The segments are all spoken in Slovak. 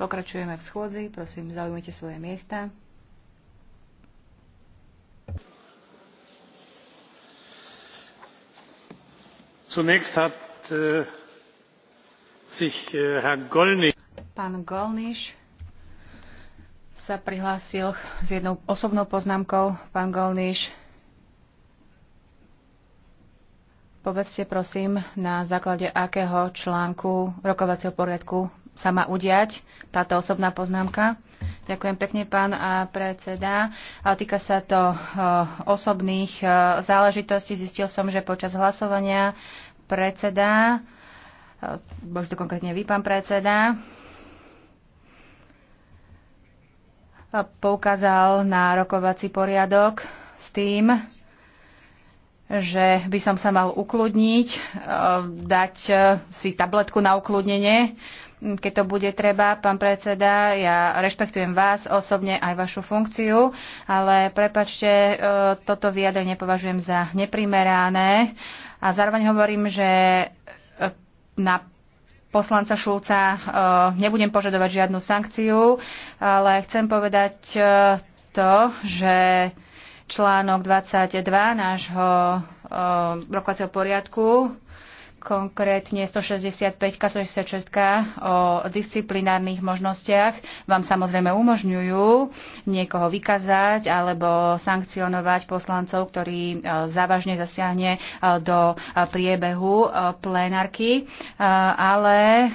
Pokračujeme v schôdzi, prosím, zaujmite svoje miesta. Zunächst hat äh, sich äh, Herr Gollnisch. Pán Golniš sa prihlásil s jednou osobnou poznámkou. Pán Golniš, Povedzte prosím, na základe akého článku rokovacieho poriadku sa má udiať táto osobná poznámka. Ďakujem pekne, pán predseda. A týka sa to e, osobných e, záležitostí. Zistil som, že počas hlasovania predseda, e, bol to konkrétne vy, pán predseda, poukázal na rokovací poriadok s tým, že by som sa mal ukludniť, e, dať e, si tabletku na ukludnenie, keď to bude treba, pán predseda, ja rešpektujem vás osobne aj vašu funkciu, ale prepačte, e, toto vyjadrenie považujem za neprimerané a zároveň hovorím, že na poslanca Šulca nebudem požadovať žiadnu sankciu, ale chcem povedať to, že článok 22 nášho eh, rokovacieho poriadku konkrétne 165 166 o disciplinárnych možnostiach vám samozrejme umožňujú niekoho vykazať alebo sankcionovať poslancov, ktorý e, závažne zasiahne e, do e, priebehu plénarky, ale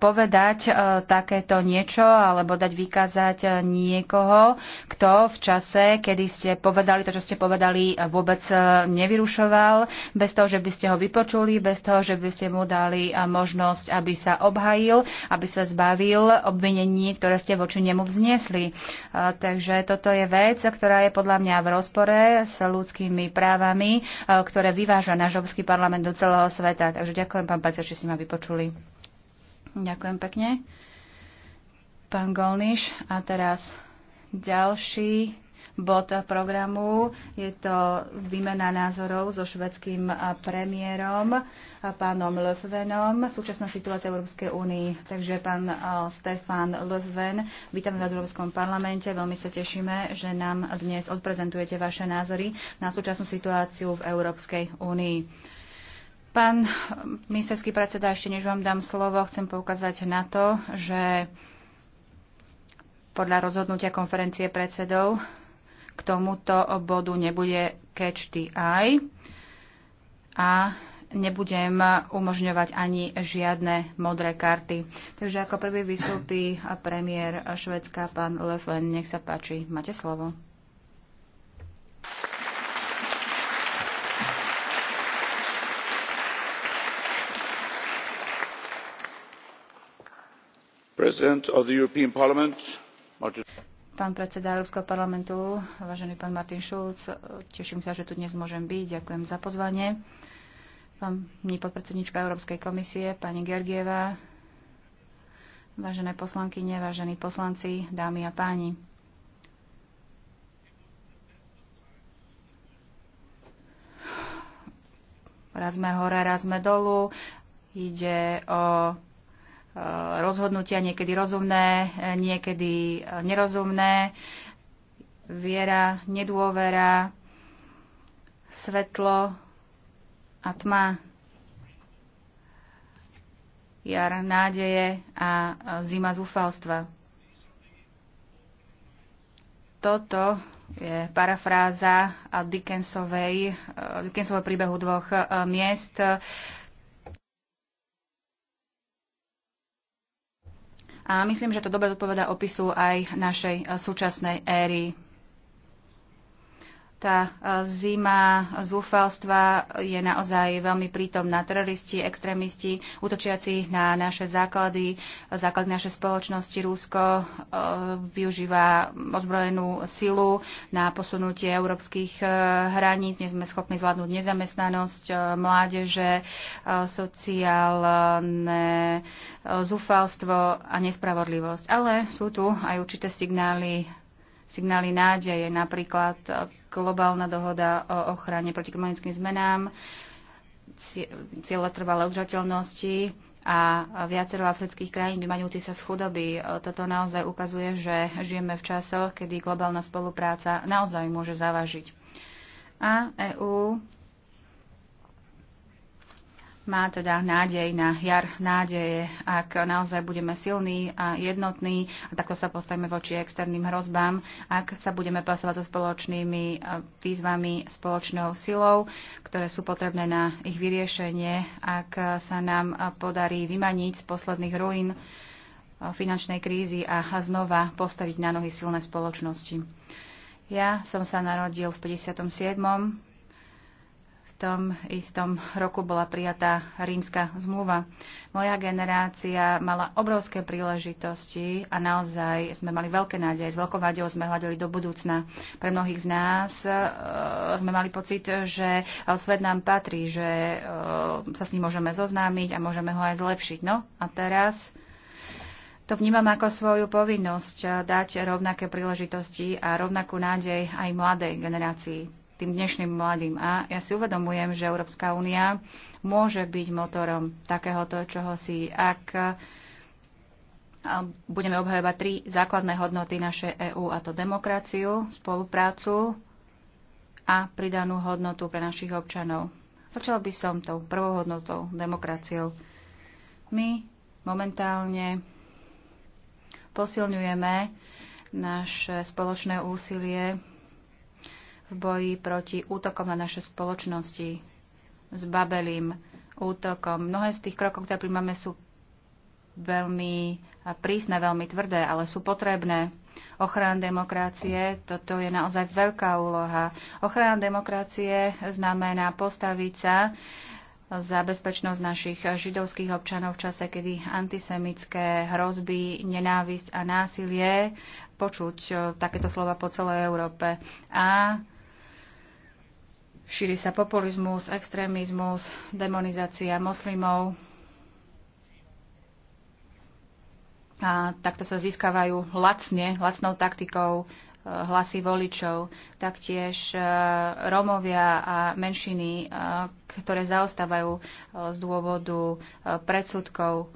povedať takéto niečo alebo dať vykázať niekoho, kto v čase, kedy ste povedali to, čo ste povedali, vôbec nevyrušoval, bez toho, že by ste ho vypočuli, bez toho, že by ste mu dali možnosť, aby sa obhajil, aby sa zbavil obvinení, ktoré ste voči nemu vzniesli. Takže toto je vec, ktorá je podľa mňa v rozpore s ľudskými právami, ktoré vyváža náš obský parlament do celého sveta. Takže ďakujem, pán Pacer, že si ma vypočuli. Ďakujem pekne. Pán Golniš a teraz ďalší bod programu. Je to výmena názorov so švedským premiérom, pánom Löfvenom, súčasná situácia Európskej únii. Takže pán eh, Stefan Löfven, vítam vás v Európskom parlamente. Veľmi sa tešíme, že nám dnes odprezentujete vaše názory na súčasnú situáciu v Európskej únii. Pán ministerský predseda, ešte než vám dám slovo, chcem poukázať na to, že podľa rozhodnutia konferencie predsedov k tomuto bodu nebude catch the eye a nebudem umožňovať ani žiadne modré karty. Takže ako prvý vystúpi premiér Švedska, pán Löfven. Nech sa páči, máte slovo. President of the European Parliament, Martin Pán predseda Európskeho parlamentu, vážený pán Martin Šulc, teším sa, že tu dnes môžem byť. Ďakujem za pozvanie. Pani podpredsednička Európskej komisie, pani Gergieva, vážené poslankyne, vážení poslanci, dámy a páni. Raz sme hore, raz sme dolu. Ide o rozhodnutia, niekedy rozumné, niekedy nerozumné, viera, nedôvera, svetlo a tma, jar nádeje a zima zúfalstva. Toto je parafráza Dickensovej, Dickensovej príbehu dvoch miest. A myslím, že to dobre odpoveda opisu aj našej eh, súčasnej éry tá e, zima zúfalstva je naozaj veľmi prítomná. Teroristi, extrémisti, útočiaci na naše základy, základy našej spoločnosti. Rúsko e, využíva ozbrojenú silu na posunutie európskych e, hraníc. Nie sme schopní zvládnuť nezamestnanosť mládeže, sociálne zúfalstvo a nespravodlivosť. Ale sú tu aj určité signály signály nádeje, napríklad globálna dohoda o ochrane proti klimatickým zmenám, cieľa trvalej udržateľnosti a viacero afrických krajín vymaňujúci sa z chudoby. Toto naozaj ukazuje, že žijeme v časoch, kedy globálna spolupráca naozaj môže závažiť. A EÚ má teda nádej na jar nádeje, ak naozaj budeme silní a jednotní a takto sa postavíme voči externým hrozbám, ak sa budeme pasovať so spoločnými e, výzvami, spoločnou silou, ktoré sú potrebné na ich vyriešenie, ak sa nám e, podarí vymaniť z posledných ruín e, finančnej krízy a znova postaviť na nohy silné spoločnosti. Ja som sa narodil v 57 tom istom roku bola prijatá rímska zmluva. Moja generácia mala obrovské príležitosti a naozaj sme mali veľké nádeje. S veľkou nádejou sme hľadali do budúcna. Pre mnohých z nás e, sme mali pocit, že e, svet nám patrí, že e, sa s ním môžeme zoznámiť a môžeme ho aj zlepšiť. No a teraz to vnímam ako svoju povinnosť e, dať rovnaké príležitosti a rovnakú nádej aj mladej generácii tým dnešným mladým. A ja si uvedomujem, že Európska únia môže byť motorom takéhoto čoho si ak e, budeme obhajovať tri základné hodnoty naše EÚ, a to demokraciu, spoluprácu a pridanú hodnotu pre našich občanov. Začala by som tou prvou hodnotou, demokraciou. My momentálne posilňujeme naše spoločné úsilie v boji proti útokom na naše spoločnosti s babelým útokom. Mnohé z tých krokov, ktoré príjmame, sú veľmi prísne, veľmi tvrdé, ale sú potrebné. Ochrana demokracie, toto je naozaj veľká úloha. Ochrana demokracie znamená postaviť sa za bezpečnosť našich židovských občanov v čase, kedy antisemické hrozby, nenávisť a násilie počuť eh, takéto slova po celej Európe. A Šíri sa populizmus, extrémizmus, demonizácia moslimov. A takto sa získavajú lacne, lacnou taktikou eh, hlasy voličov, taktiež eh, Rómovia a menšiny, eh, ktoré zaostávajú z dôvodu predsudkov.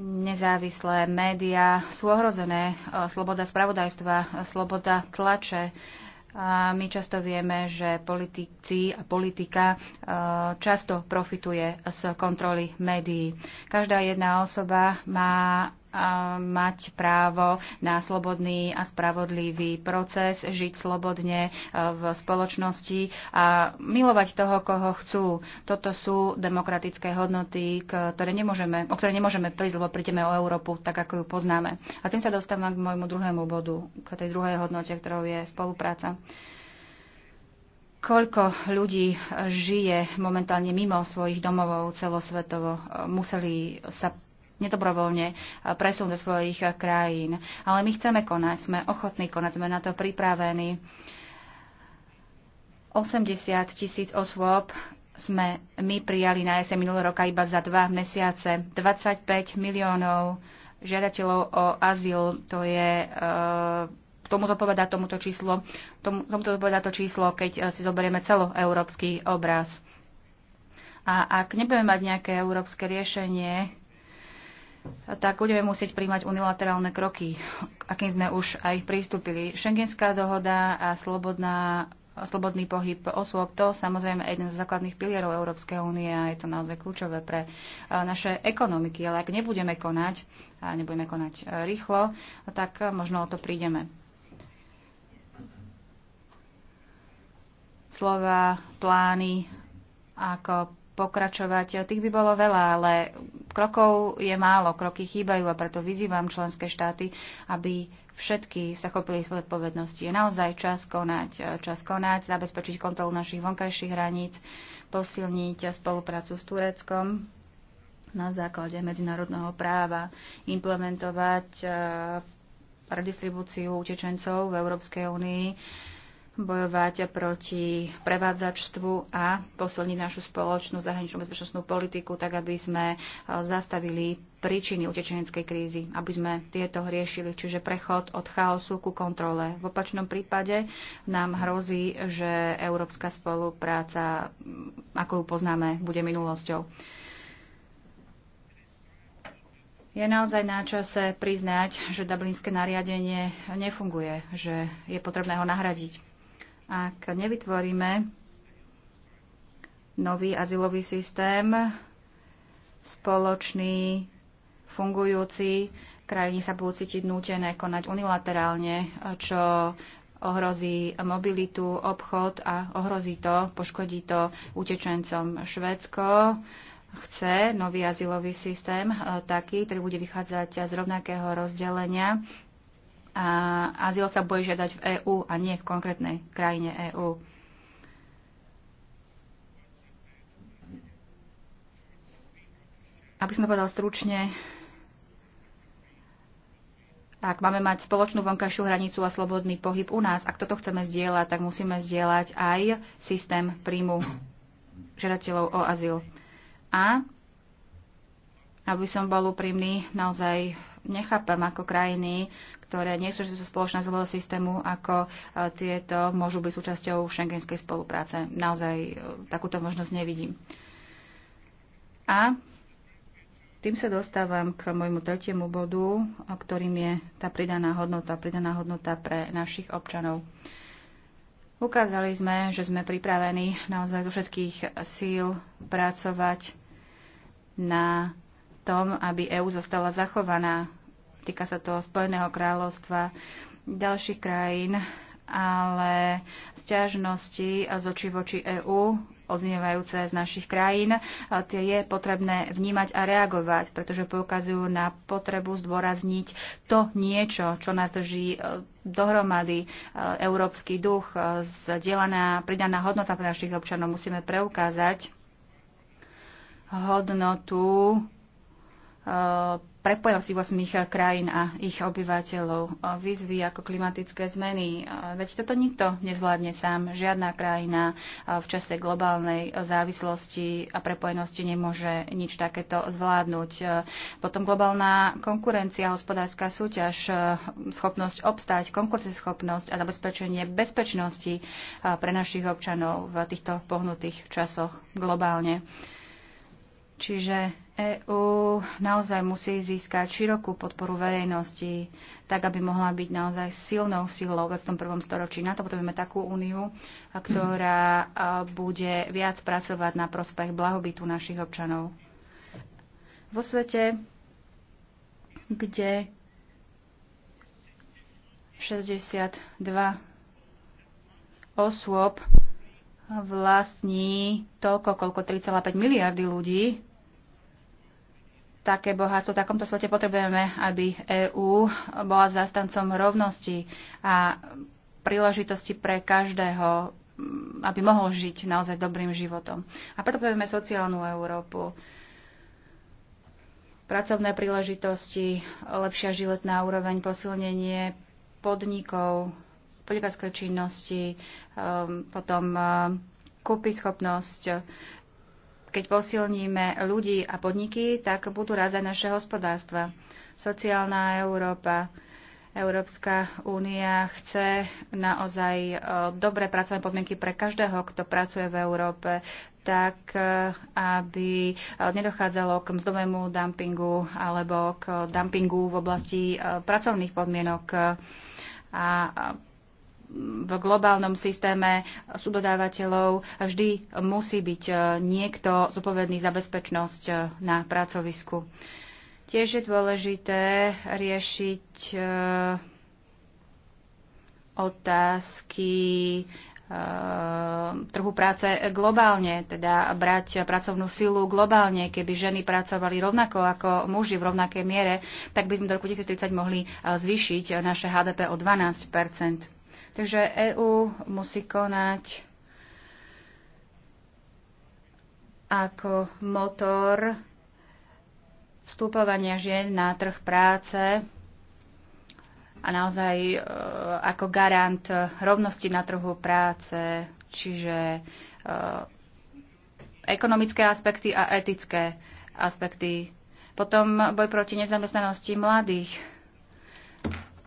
Nezávislé médiá sú ohrozené, sloboda spravodajstva, sloboda tlače, a my často vieme, že politici a politika e, často profituje z kontroly médií. Každá jedna osoba má mať právo na slobodný a spravodlivý proces, žiť slobodne e, v spoločnosti a milovať toho, koho chcú. Toto sú demokratické hodnoty, ktoré nemôžeme, o ktoré nemôžeme prísť, lebo prídeme o Európu tak, ako ju poznáme. A tým sa dostávam k môjmu druhému bodu, k tej druhej hodnote, ktorou je spolupráca koľko ľudí žije momentálne mimo svojich domovov celosvetovo, museli sa nedobrovoľne eh, presun do svojich eh, krajín. Ale my chceme konať, sme ochotní konať, sme na to pripravení. 80 tisíc osôb sme my prijali na jeseň minulého roka iba za dva mesiace. 25 miliónov žiadateľov o azyl, to je eh, tomuto povedá tomuto číslo, tomu, tomuto poveda to číslo, keď si zoberieme celoeurópsky obraz. A ak nebudeme mať nejaké európske riešenie, tak budeme musieť príjmať unilaterálne kroky, akým sme už aj pristúpili. Schengenská dohoda a slobodná, slobodný pohyb osôb, to samozrejme jeden z základných pilierov Európskej únie a je to naozaj kľúčové pre naše ekonomiky. Ale ak nebudeme konať, a nebudeme konať rýchlo, tak možno o to prídeme. Slova, plány, ako pokračovať. Tých by bolo veľa, ale krokov je málo, kroky chýbajú a preto vyzývam členské štáty, aby všetky sa chopili svoje odpovednosti. Je naozaj čas konať, čas konať, zabezpečiť kontrolu našich vonkajších hraníc, posilniť spoluprácu s Tureckom na základe medzinárodného práva, implementovať eh, redistribúciu utečencov v Európskej únii, bojovať proti prevádzačstvu a posilniť našu spoločnú zahraničnú bezpečnostnú politiku, tak aby sme e, zastavili príčiny utečeneckej krízy, aby sme tieto riešili, čiže prechod od chaosu ku kontrole. V opačnom prípade nám hrozí, že európska spolupráca, ako ju poznáme, bude minulosťou. Je naozaj na čase priznať, že dublinské nariadenie nefunguje, že je potrebné ho nahradiť. Ak nevytvoríme nový azylový systém, spoločný, fungujúci, krajiny sa budú cítiť nútené konať unilaterálne, čo ohrozí mobilitu, obchod a ohrozí to, poškodí to utečencom Švédsko chce nový azylový systém eh, taký, ktorý bude vychádzať z rovnakého rozdelenia a azyl sa bude žiadať v EÚ a nie v konkrétnej krajine EÚ. Aby som to povedal stručne, ak máme mať spoločnú vonkajšiu hranicu a slobodný pohyb u nás, ak toto chceme zdieľať, tak musíme zdieľať aj systém príjmu žiadateľov o azyl. A aby som bol úprimný, naozaj nechápem, ako krajiny, ktoré nie sú spoločné zlového systému, ako e, tieto môžu byť súčasťou šengenskej spolupráce. Naozaj e, takúto možnosť nevidím. A tým sa dostávam k môjmu tretiemu bodu, ktorým je tá pridaná hodnota, pridaná hodnota pre našich občanov. Ukázali sme, že sme pripravení naozaj zo všetkých síl pracovať na tom, aby EÚ zostala zachovaná týka sa to Spojeného kráľovstva, ďalších krajín, ale sťažnosti z očí voči EÚ odznievajúce z našich krajín, tie je potrebné vnímať a reagovať, pretože poukazujú na potrebu zdôrazniť to niečo, čo nás drží e, dohromady e, európsky duch, e, zdieľaná pridaná hodnota pre našich občanov. Musíme preukázať hodnotu prepojená si 8 krajín a ich obyvateľov. Výzvy ako klimatické zmeny, veď toto nikto nezvládne sám. Žiadna krajina eh, v čase globálnej eh, závislosti a prepojenosti nemôže nič takéto zvládnuť. Eh, potom globálna konkurencia, hospodárska súťaž, schopnosť obstať, konkurenceschopnosť a zabezpečenie bezpečnosti pre našich občanov v týchto pohnutých časoch globálne. Čiže EÚ naozaj musí získať širokú podporu verejnosti, tak aby mohla byť naozaj silnou silou v tom prvom storočí. Na to potrebujeme takú úniu, ktorá e, bude viac pracovať na prospech blahobytu našich občanov. Vo svete, kde 62 osôb vlastní toľko, koľko 3,5 miliardy ľudí, také bohatstvo. V takomto svete potrebujeme, aby EÚ bola zastancom rovnosti a príležitosti pre každého, mm, aby mohol žiť naozaj dobrým životom. A preto potrebujeme sociálnu Európu pracovné príležitosti, lepšia životná úroveň, posilnenie podnikov, podnikovskej činnosti, ehm, potom ehm, schopnosť, keď posilníme ľudí a podniky, tak budú raz aj naše hospodárstva. Sociálna Európa, Európska únia chce naozaj e, dobré pracovné podmienky pre každého, kto pracuje v Európe, tak e, aby e, nedochádzalo k mzdovému dumpingu alebo k dumpingu v oblasti pracovných podmienok. A v globálnom systéme sudodávateľov vždy musí byť e, niekto zodpovedný za bezpečnosť e, na pracovisku. Tiež je dôležité riešiť e, otázky trhu práce globálne, teda brať pracovnú silu globálne. Keby ženy pracovali rovnako ako muži v rovnakej miere, tak by sme do roku 2030 mohli zvýšiť naše HDP o 12 Takže EÚ musí konať ako motor vstupovania žien na trh práce a naozaj e, ako garant rovnosti na trhu práce, čiže e, ekonomické aspekty a etické aspekty. Potom boj proti nezamestnanosti mladých,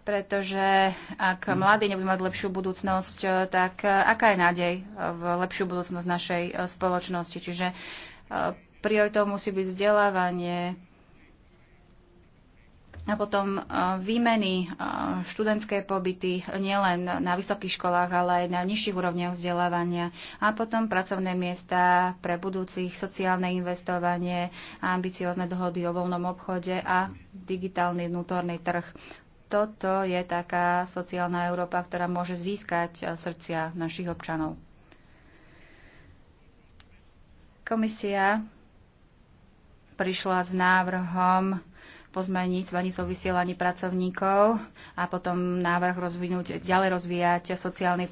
pretože ak hm. mladí nebudú mať lepšiu budúcnosť, eh, tak eh, aká je nádej eh, v lepšiu budúcnosť našej spoločnosti? Čiže prioritou musí byť vzdelávanie a potom výmeny študentské pobyty nielen na vysokých školách, ale aj na nižších úrovniach vzdelávania a potom pracovné miesta pre budúcich, sociálne investovanie, ambiciozne dohody o voľnom obchode a digitálny vnútorný trh toto je taká sociálna Európa, ktorá môže získať eh, srdcia našich občanov. Komisia prišla s návrhom pozmeniť smernicu o vysielaní pracovníkov a potom návrh rozvinúť, ďalej rozvíjať sociálny eh,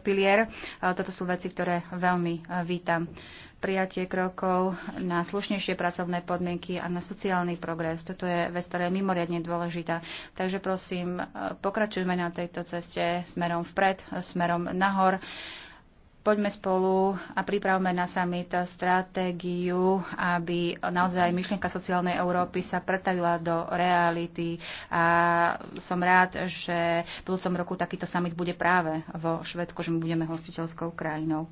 pilier. Eh, toto sú veci, ktoré veľmi vítam prijatie krokov na slušnejšie pracovné podmienky a na sociálny progres. Toto je vec, ktorá je mimoriadne dôležitá. Takže prosím, e, pokračujme na tejto ceste smerom vpred, e, smerom nahor. Poďme spolu a pripravme na summit stratégiu, aby naozaj myšlienka sociálnej Európy sa pretavila do reality. A som rád, že v budúcom roku takýto summit bude práve vo Švedsku, že my budeme hostiteľskou krajinou.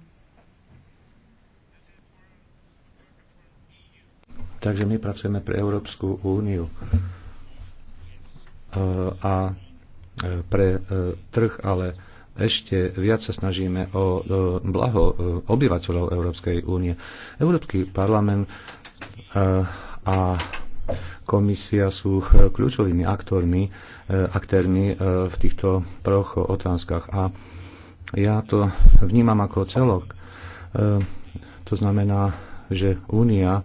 Takže my pracujeme pre Európsku úniu e, a e, pre e, trh, ale ešte viac sa snažíme o blaho obyvateľov Európskej únie. Európsky parlament a komisia sú kľúčovými aktormi, aktérmi v týchto troch otázkach. A ja to vnímam ako celok. To znamená, že únia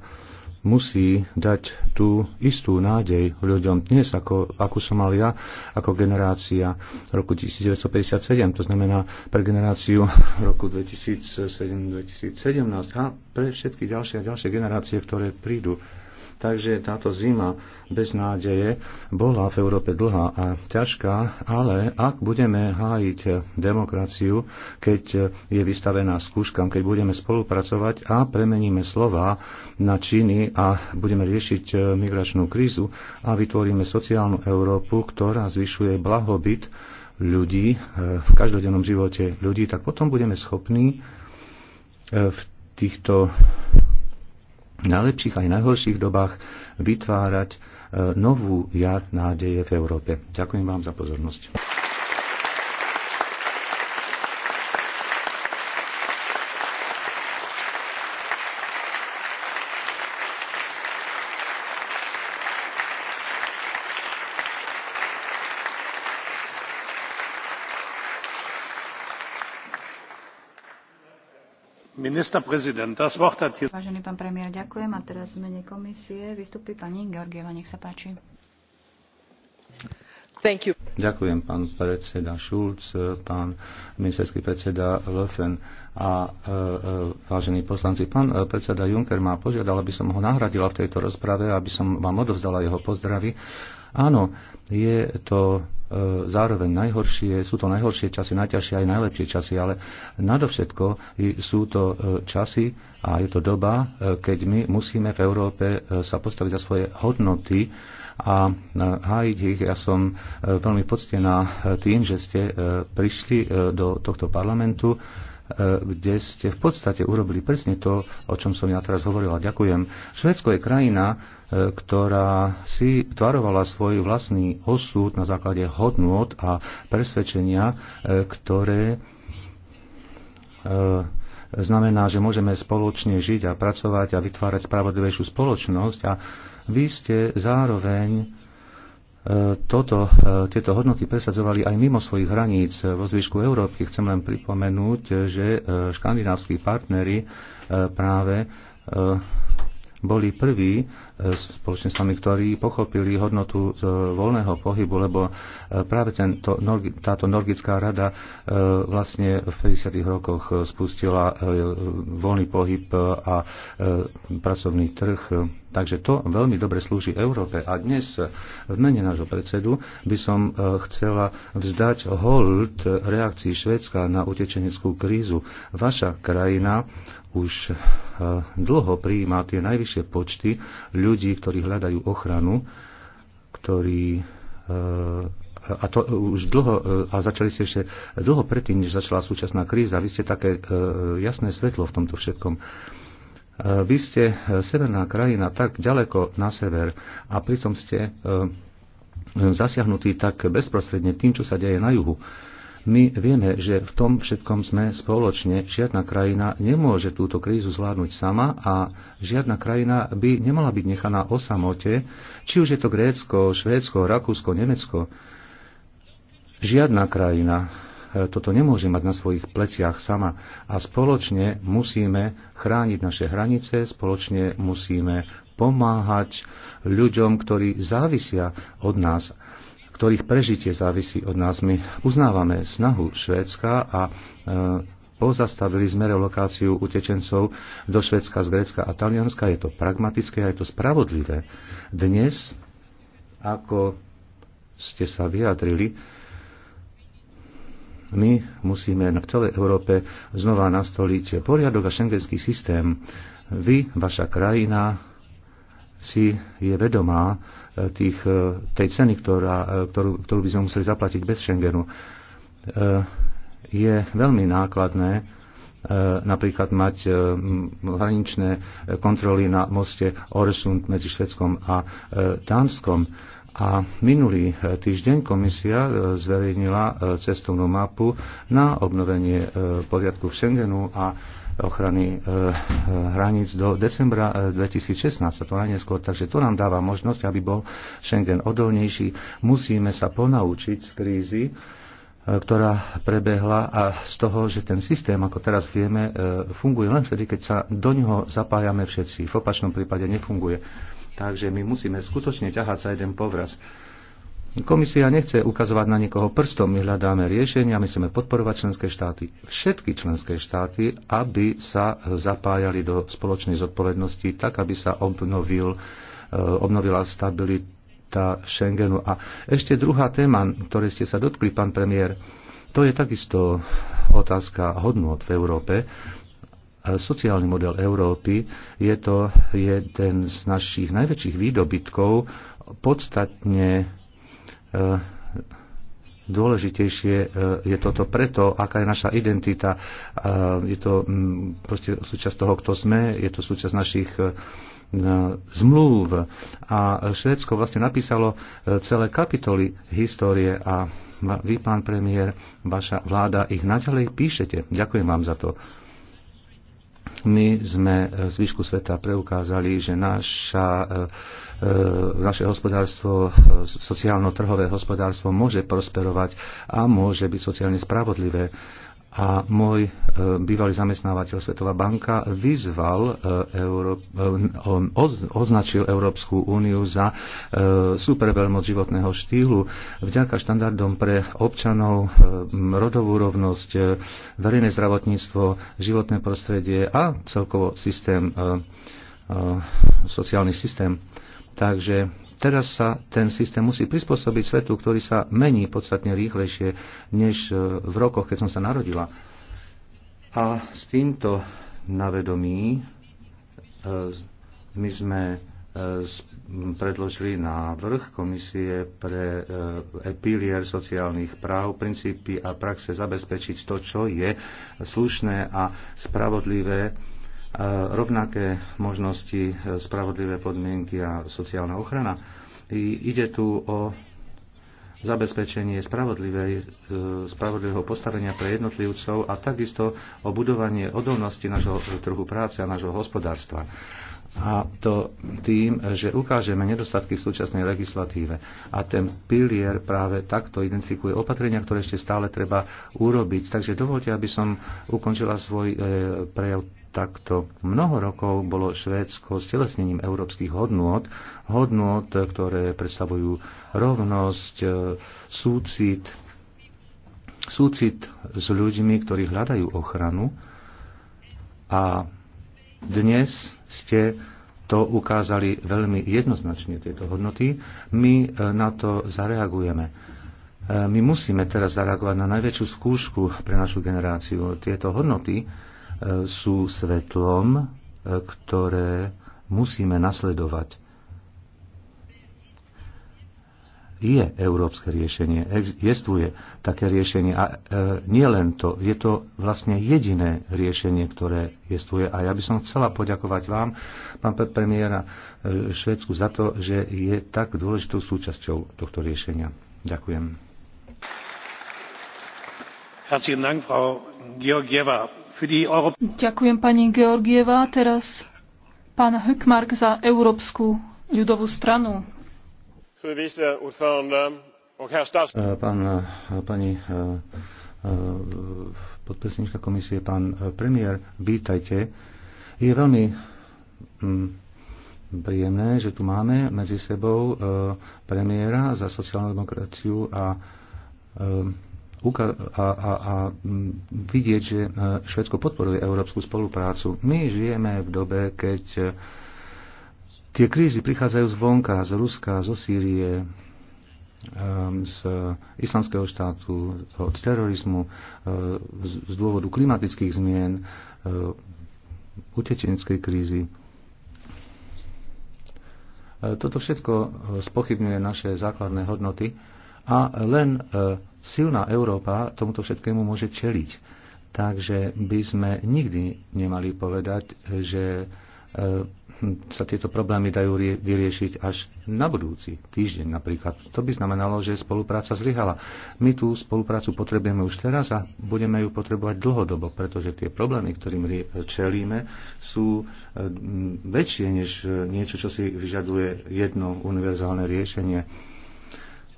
musí dať tú istú nádej ľuďom dnes, ako, ako som mal ja, ako generácia roku 1957, to znamená pre generáciu roku 2007-2017 a pre všetky ďalšie a ďalšie generácie, ktoré prídu. Takže táto zima bez nádeje bola v Európe dlhá a ťažká, ale ak budeme hájiť demokraciu, keď je vystavená skúškam, keď budeme spolupracovať a premeníme slova na činy a budeme riešiť e, migračnú krízu a vytvoríme sociálnu Európu, ktorá zvyšuje blahobyt ľudí e, v každodennom živote ľudí, tak potom budeme schopní e, v týchto najlepších aj najhorších dobách vytvárať e, novú jar nádeje v Európe. Ďakujem vám za pozornosť. Vážený pán premiér, ďakujem. A teraz v mene komisie vystúpi pani Georgieva. Nech sa páči. Ďakujem, pán predseda Schulz, pán ministerský predseda Löfven a e, e, vážení poslanci. Pán e, predseda Juncker ma požiadal, aby som ho nahradila v tejto rozprave, aby som vám odovzdala jeho pozdravy Áno, je to e, zároveň najhoršie, sú to najhoršie časy, najťažšie aj najlepšie časy, ale nadovšetko sú to e, časy a je to doba, e, keď my musíme v Európe sa postaviť za svoje hodnoty a hájiť ich. Ja som veľmi poctená tým, že ste prišli do tohto parlamentu E, kde ste v podstate urobili presne to, o čom som ja teraz hovorila. Ďakujem. Švedsko je krajina, e, ktorá si tvarovala svoj vlastný osud na základe hodnôt a presvedčenia, e, ktoré znamená, že môžeme spoločne žiť a pracovať a vytvárať spravodlivejšiu spoločnosť a vy ste zároveň E, toto, e, tieto hodnoty presadzovali aj mimo svojich hraníc vo zvyšku Európy. Chcem len pripomenúť, že e, škandinávskí partnery práve boli prví e, spoločne s nami, ktorí pochopili hodnotu e, voľného pohybu, lebo e, práve tento, táto Norgická rada vlastne v 50. rokoch spustila voľný pohyb a pracovný trh. Takže to veľmi dobre slúži Európe. A dnes v mene nášho predsedu by som chcela vzdať hold reakcii Švedska na utečeneckú krízu. Vaša krajina už eh, dlho prijíma tie najvyššie počty ľudí, ktorí hľadajú ochranu, ktorí eh, a to už dlho, eh, a začali ste ešte dlho predtým, než začala súčasná kríza. Vy ste také jasné svetlo v tomto všetkom. Vy ste severná krajina tak ďaleko na sever a pritom ste zasiahnutí tak bezprostredne tým, čo sa deje na juhu. My vieme, že v tom všetkom sme spoločne. Žiadna krajina nemôže túto krízu zvládnuť sama a žiadna krajina by nemala byť nechaná o samote, či už je to Grécko, Švédsko, Rakúsko, Nemecko. Žiadna krajina e, toto nemôže mať na svojich pleciach sama a spoločne musíme chrániť naše hranice, spoločne musíme pomáhať ľuďom, ktorí závisia od nás ktorých prežitie závisí od nás. My uznávame snahu Švédska a e, pozastavili sme relokáciu utečencov do Švedska, z Grécka a Talianska. Je to pragmatické a je to spravodlivé. Dnes, ako ste sa vyjadrili, my musíme v celej Európe znova nastoliť poriadok a šengenský systém. Vy, vaša krajina, si je vedomá tých, e, tej ceny, ktorá, e, ktorú, ktorú by sme museli zaplatiť bez Schengenu. E, je veľmi nákladné napríklad mať hraničné kontroly na moste Oresund medzi Švedskom a Dánskom. A minulý týždeň komisia zverejnila cestovnú mapu na obnovenie poriadku v Schengenu a ochrany e, e, hraníc do decembra 2016, e, to najneskôr. Takže to nám dáva možnosť, aby bol Schengen odolnejší. Musíme sa ponaučiť z krízy, ktorá prebehla a z toho, že ten systém, ako teraz vieme, funguje len vtedy, keď sa do neho zapájame všetci. V opačnom prípade nefunguje. Takže my musíme skutočne ťahať sa jeden povraz. Komisia nechce ukazovať na niekoho prstom, my hľadáme riešenia, my chceme podporovať členské štáty, všetky členské štáty, aby sa zapájali do spoločnej zodpovednosti, tak aby sa obnovil, eh, obnovila stabilita Schengenu. A ešte druhá téma, ktorej ste sa dotkli, pán premiér, to je takisto otázka hodnot v Európe eh, sociálny model Európy. Je to jeden z našich najväčších výdobytkov. Podstatne E, dôležitejšie e, je toto preto, aká je naša identita. E, je to mm, proste súčasť toho, kto sme, je to súčasť našich zmluv. A Švédsko vlastne napísalo celé kapitoly histórie a vy, pán premiér, vaša vláda ich naďalej píšete. Ďakujem vám za to. My sme zvyšku sveta preukázali, že naša E, naše hospodárstvo, e, sociálno-trhové hospodárstvo môže prosperovať a môže byť sociálne spravodlivé. A môj e, bývalý zamestnávateľ Svetová banka vyzval, označil Európsku úniu za superveľmoc životného štýlu vďaka štandardom pre občanov, rodovú rovnosť, verejné zdravotníctvo, životné prostredie a celkovo systém, sociálny systém. Takže teraz sa ten systém musí prispôsobiť svetu, ktorý sa mení podstatne rýchlejšie než e, v rokoch, keď som sa narodila. A s týmto navedomí e, my sme e, predložili návrh Komisie pre epilier sociálnych práv, princípy a praxe zabezpečiť to, čo je slušné a spravodlivé rovnaké možnosti, e, spravodlivé podmienky a sociálna ochrana. I ide tu o zabezpečenie e, spravodlivého postavenia pre jednotlivcov a takisto o budovanie odolnosti nášho trhu práce a nášho hospodárstva. A to tým, že ukážeme nedostatky v súčasnej legislatíve. A ten pilier práve takto identifikuje opatrenia, ktoré ešte stále treba urobiť. Takže dovolte, aby som ukončila svoj e, prejav takto mnoho rokov bolo Švédsko stelesnením európskych hodnôt, hodnôt, ktoré predstavujú rovnosť, e, súcit, súcit s ľuďmi, ktorí hľadajú ochranu. A dnes ste to ukázali veľmi jednoznačne, tieto hodnoty. My e, na to zareagujeme. E, my musíme teraz zareagovať na najväčšiu skúšku pre našu generáciu. Tieto hodnoty, sú svetlom, e, ktoré musíme nasledovať. Je európske riešenie, existuje také riešenie a e, nie len to, je to vlastne jediné riešenie, ktoré existuje. A ja by som chcela poďakovať vám, pán premiéra e, Švedsku, za to, že je tak dôležitou súčasťou tohto riešenia. Ďakujem. Herzlichen Dank, Frau Georgieva. Ďakujem pani Georgieva. Teraz pán Hökmark za Európsku ľudovú stranu. Pán, pani eh, podpredsednička komisie, pán eh, premiér, vítajte. Je veľmi hm, príjemné, že tu máme medzi sebou eh, premiéra za sociálnu demokraciu a a, a, a vidieť, že e, Švedsko podporuje európsku spoluprácu. My žijeme v dobe, keď e, tie krízy prichádzajú zvonka, z Ruska, zo Sýrie, e, z islamského štátu, od terorizmu, z dôvodu klimatických zmien, utečenskej krízy. Toto všetko spochybňuje naše základné hodnoty a len silná Európa tomuto všetkému môže čeliť. Takže by sme nikdy nemali povedať, že e, sa tieto problémy dajú vyriešiť až na budúci týždeň napríklad. To by znamenalo, že spolupráca zlyhala. My tú spoluprácu potrebujeme už teraz a budeme ju potrebovať dlhodobo, pretože tie problémy, ktorým čelíme, sú e, väčšie než e, niečo, čo si vyžaduje jedno univerzálne riešenie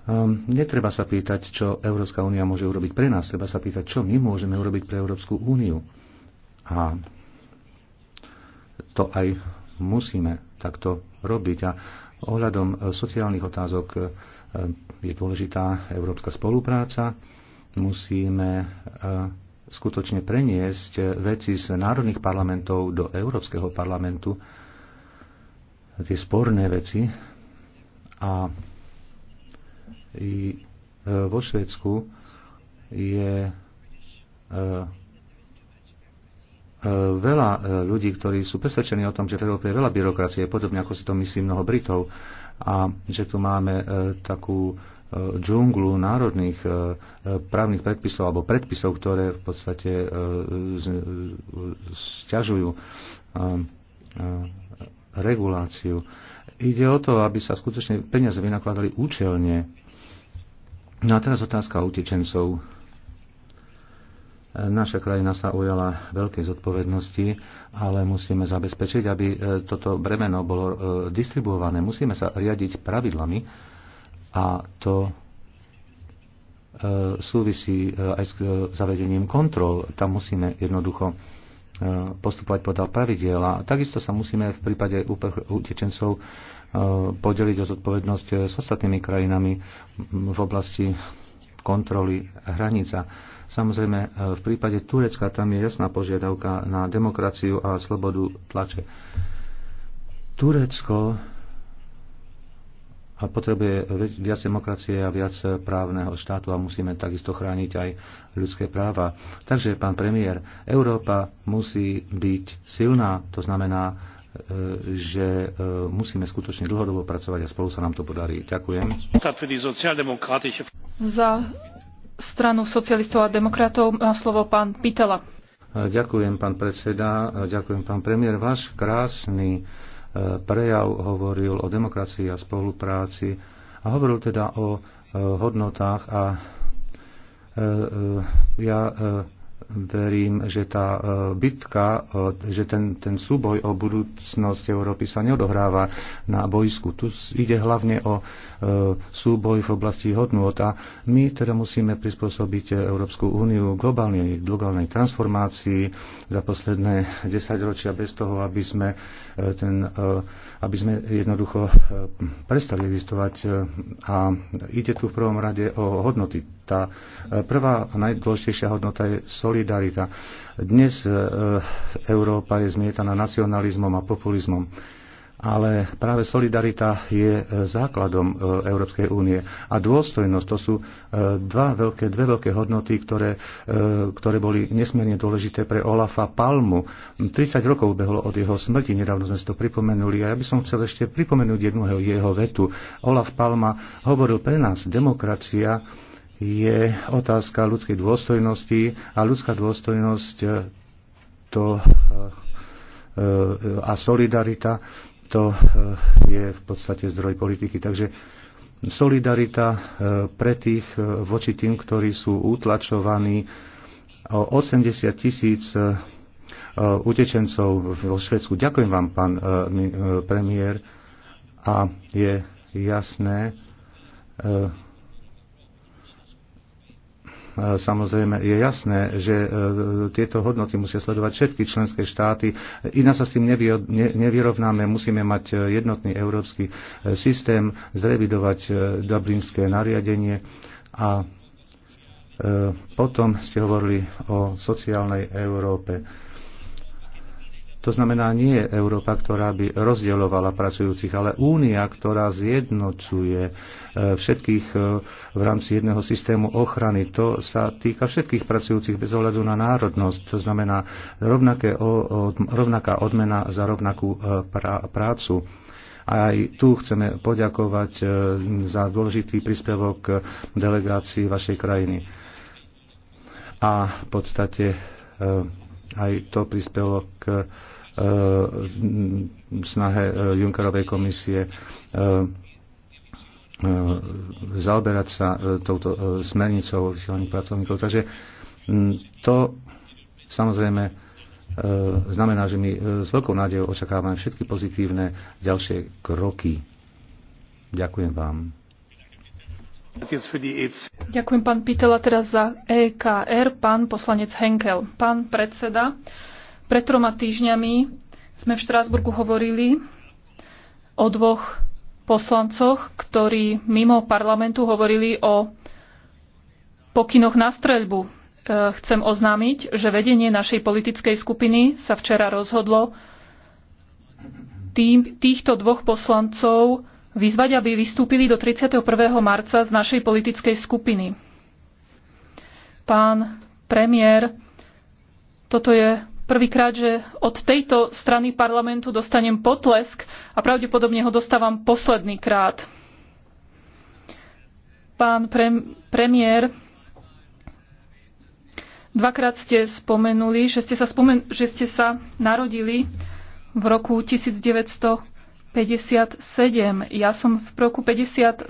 Um, netreba sa pýtať, čo Európska únia môže urobiť pre nás, treba sa pýtať, čo my môžeme urobiť pre Európsku úniu. A to aj musíme takto robiť. A ohľadom eh, sociálnych otázok eh, je dôležitá európska spolupráca. Musíme eh, skutočne preniesť veci z národných parlamentov do Európskeho parlamentu, tie sporné veci. A i e, vo Švedsku je e, e, veľa ľudí, ktorí sú presvedčení o tom, že v Európe je veľa byrokracie, podobne ako si to myslí mnoho Britov, a že tu máme takú džunglu národných právnych predpisov alebo predpisov, ktoré v podstate sťažujú reguláciu. Ide o to, aby sa skutočne peniaze vynakladali účelne No a teraz otázka utečencov. Naša krajina sa ujala veľkej zodpovednosti, ale musíme zabezpečiť, aby e, toto bremeno bolo e, distribuované. Musíme sa riadiť pravidlami a to e, súvisí aj s zavedením kontrol. Tam musíme jednoducho postupovať podľa pravidiel. A takisto sa musíme v prípade utečencov Eh, podeliť o zodpovednosť eh, s ostatnými krajinami v oblasti kontroly hranica. Samozrejme, eh, v prípade Turecka tam je jasná požiadavka na demokraciu a slobodu tlače. Turecko a potrebuje viac demokracie a viac právneho štátu a musíme takisto chrániť aj ľudské práva. Takže, pán premiér, Európa musí byť silná, to znamená že e, musíme skutočne dlhodobo pracovať a spolu sa nám to podarí. Ďakujem. Za stranu socialistov a demokratov má slovo pán Pitela. E, ďakujem, pán predseda, e, ďakujem, pán premiér. Váš krásny prejav hovoril o demokracii a spolupráci a hovoril teda o hodnotách a ja verím, že tá e, bitka, e, že ten, ten súboj o budúcnosť Európy sa neodohráva na boisku. Tu ide hlavne o E, súboj v oblasti hodnot A my teda musíme prispôsobiť Európsku úniu globálnej, globálnej transformácii za posledné desaťročia bez toho, aby sme, e, ten, e, aby sme jednoducho prestali existovať. A ide tu v prvom rade o hodnoty. Tá prvá a najdôležitejšia hodnota je solidarita. Dnes Európa je zmietaná nacionalizmom a populizmom ale práve solidarita je e, základom e, Európskej únie. A dôstojnosť to sú e, dva veľké, dve veľké hodnoty, ktoré, ktoré boli nesmierne dôležité pre Olafa Palmu. 30 rokov behlo od jeho smrti, nedávno sme si to pripomenuli a ja by som chcel ešte pripomenúť jednu jeho vetu. Olaf Palma hovoril pre nás, demokracia je otázka ľudskej dôstojnosti a ľudská dôstojnosť to a solidarita to e, je v podstate zdroj politiky. Takže solidarita e, pre tých e, voči tým, ktorí sú utlačovaní. O 80 tisíc utečencov vo Švedsku. Ďakujem vám, pán premiér. A je jasné, Samozrejme je jasné, že e, tieto hodnoty musia sledovať všetky členské štáty. Iná sa s tým nevyrovnáme. Musíme mať e, jednotný európsky e, systém, zrevidovať dublinské nariadenie a potom ste hovorili o sociálnej Európe to znamená, nie je Európa, ktorá by rozdielovala pracujúcich, ale únia, ktorá zjednocuje e, všetkých e, v rámci jedného systému ochrany. To sa týka všetkých pracujúcich bez ohľadu na národnosť. To znamená rovnaké, rovnaká odmena za rovnakú e, prácu. A aj tu chceme poďakovať za dôležitý príspevok delegácii vašej krajiny. A v podstate aj to prispelo k Eh, snahe eh, Junckerovej komisie eh, zaoberať sa touto smernicou vysielaných pracovníkov. Takže hm, to samozrejme znamená, že my s veľkou nádejou očakávame všetky pozitívne ďalšie kroky. Ďakujem vám. Ďakujem pán Pitela teraz za EKR, pán poslanec Henkel. Pán predseda, pred troma týždňami sme v Štrásburgu hovorili o dvoch poslancoch, ktorí mimo parlamentu hovorili o pokynoch na streľbu. E, chcem oznámiť, že vedenie našej politickej skupiny sa včera rozhodlo tým, týchto dvoch poslancov vyzvať, aby vystúpili do 31. marca z našej politickej skupiny. Pán premiér, toto je prvýkrát, že od tejto strany parlamentu dostanem potlesk a pravdepodobne ho dostávam posledný krát. Pán pre, premiér, dvakrát ste spomenuli, že ste, sa spomen- že ste sa narodili v roku 1957. Ja som v roku 57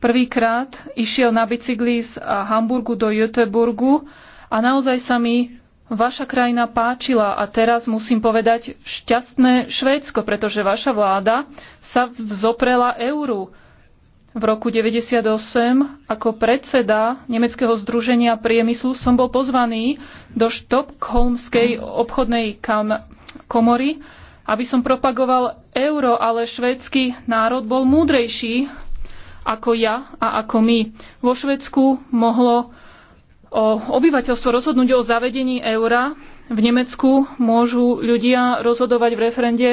prvýkrát išiel na bicykli z Hamburgu do Göteborgu a naozaj sa mi vaša krajina páčila a teraz musím povedať šťastné Švédsko, pretože vaša vláda sa vzoprela euru. V roku 98 ako predseda Nemeckého združenia priemyslu som bol pozvaný do štokholmskej obchodnej komory, aby som propagoval euro, ale švédsky národ bol múdrejší ako ja a ako my. Vo Švedsku mohlo o obyvateľstvo rozhodnúť o zavedení eura v Nemecku, môžu ľudia rozhodovať v referende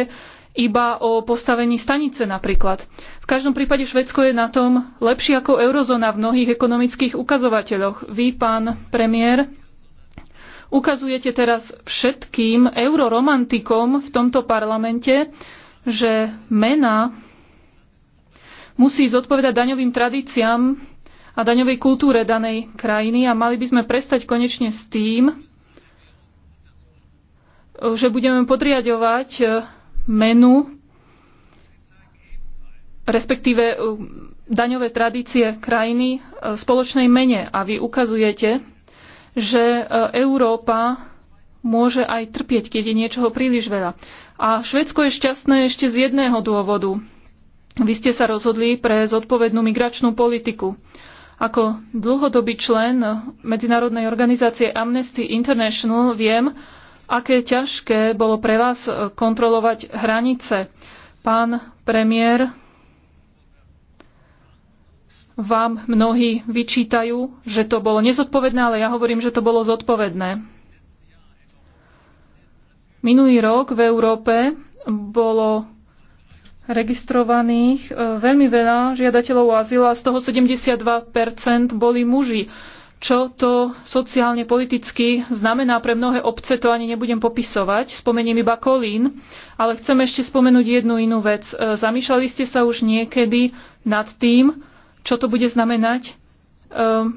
iba o postavení stanice napríklad. V každom prípade Švedsko je na tom lepšie ako eurozóna v mnohých ekonomických ukazovateľoch. Vy, pán premiér, ukazujete teraz všetkým euroromantikom v tomto parlamente, že mena musí zodpovedať daňovým tradíciám a daňovej kultúre danej krajiny a mali by sme prestať konečne s tým, že budeme podriadovať e, menu, respektíve e, daňové tradície krajiny e, spoločnej mene. A vy ukazujete, že Európa môže aj trpieť, keď je niečoho príliš veľa. A Švedsko je šťastné ešte z jedného dôvodu. Vy ste sa rozhodli pre zodpovednú migračnú politiku. Ako dlhodobý člen medzinárodnej organizácie Amnesty International viem, aké ťažké bolo pre vás kontrolovať hranice. Pán premiér, vám mnohí vyčítajú, že to bolo nezodpovedné, ale ja hovorím, že to bolo zodpovedné. Minulý rok v Európe bolo registrovaných e, veľmi veľa žiadateľov o azyl a z toho 72% boli muži. Čo to sociálne politicky znamená pre mnohé obce, to ani nebudem popisovať. Spomeniem iba Kolín, ale chcem ešte spomenúť jednu inú vec. E, zamýšľali ste sa už niekedy nad tým, čo to bude znamenať e,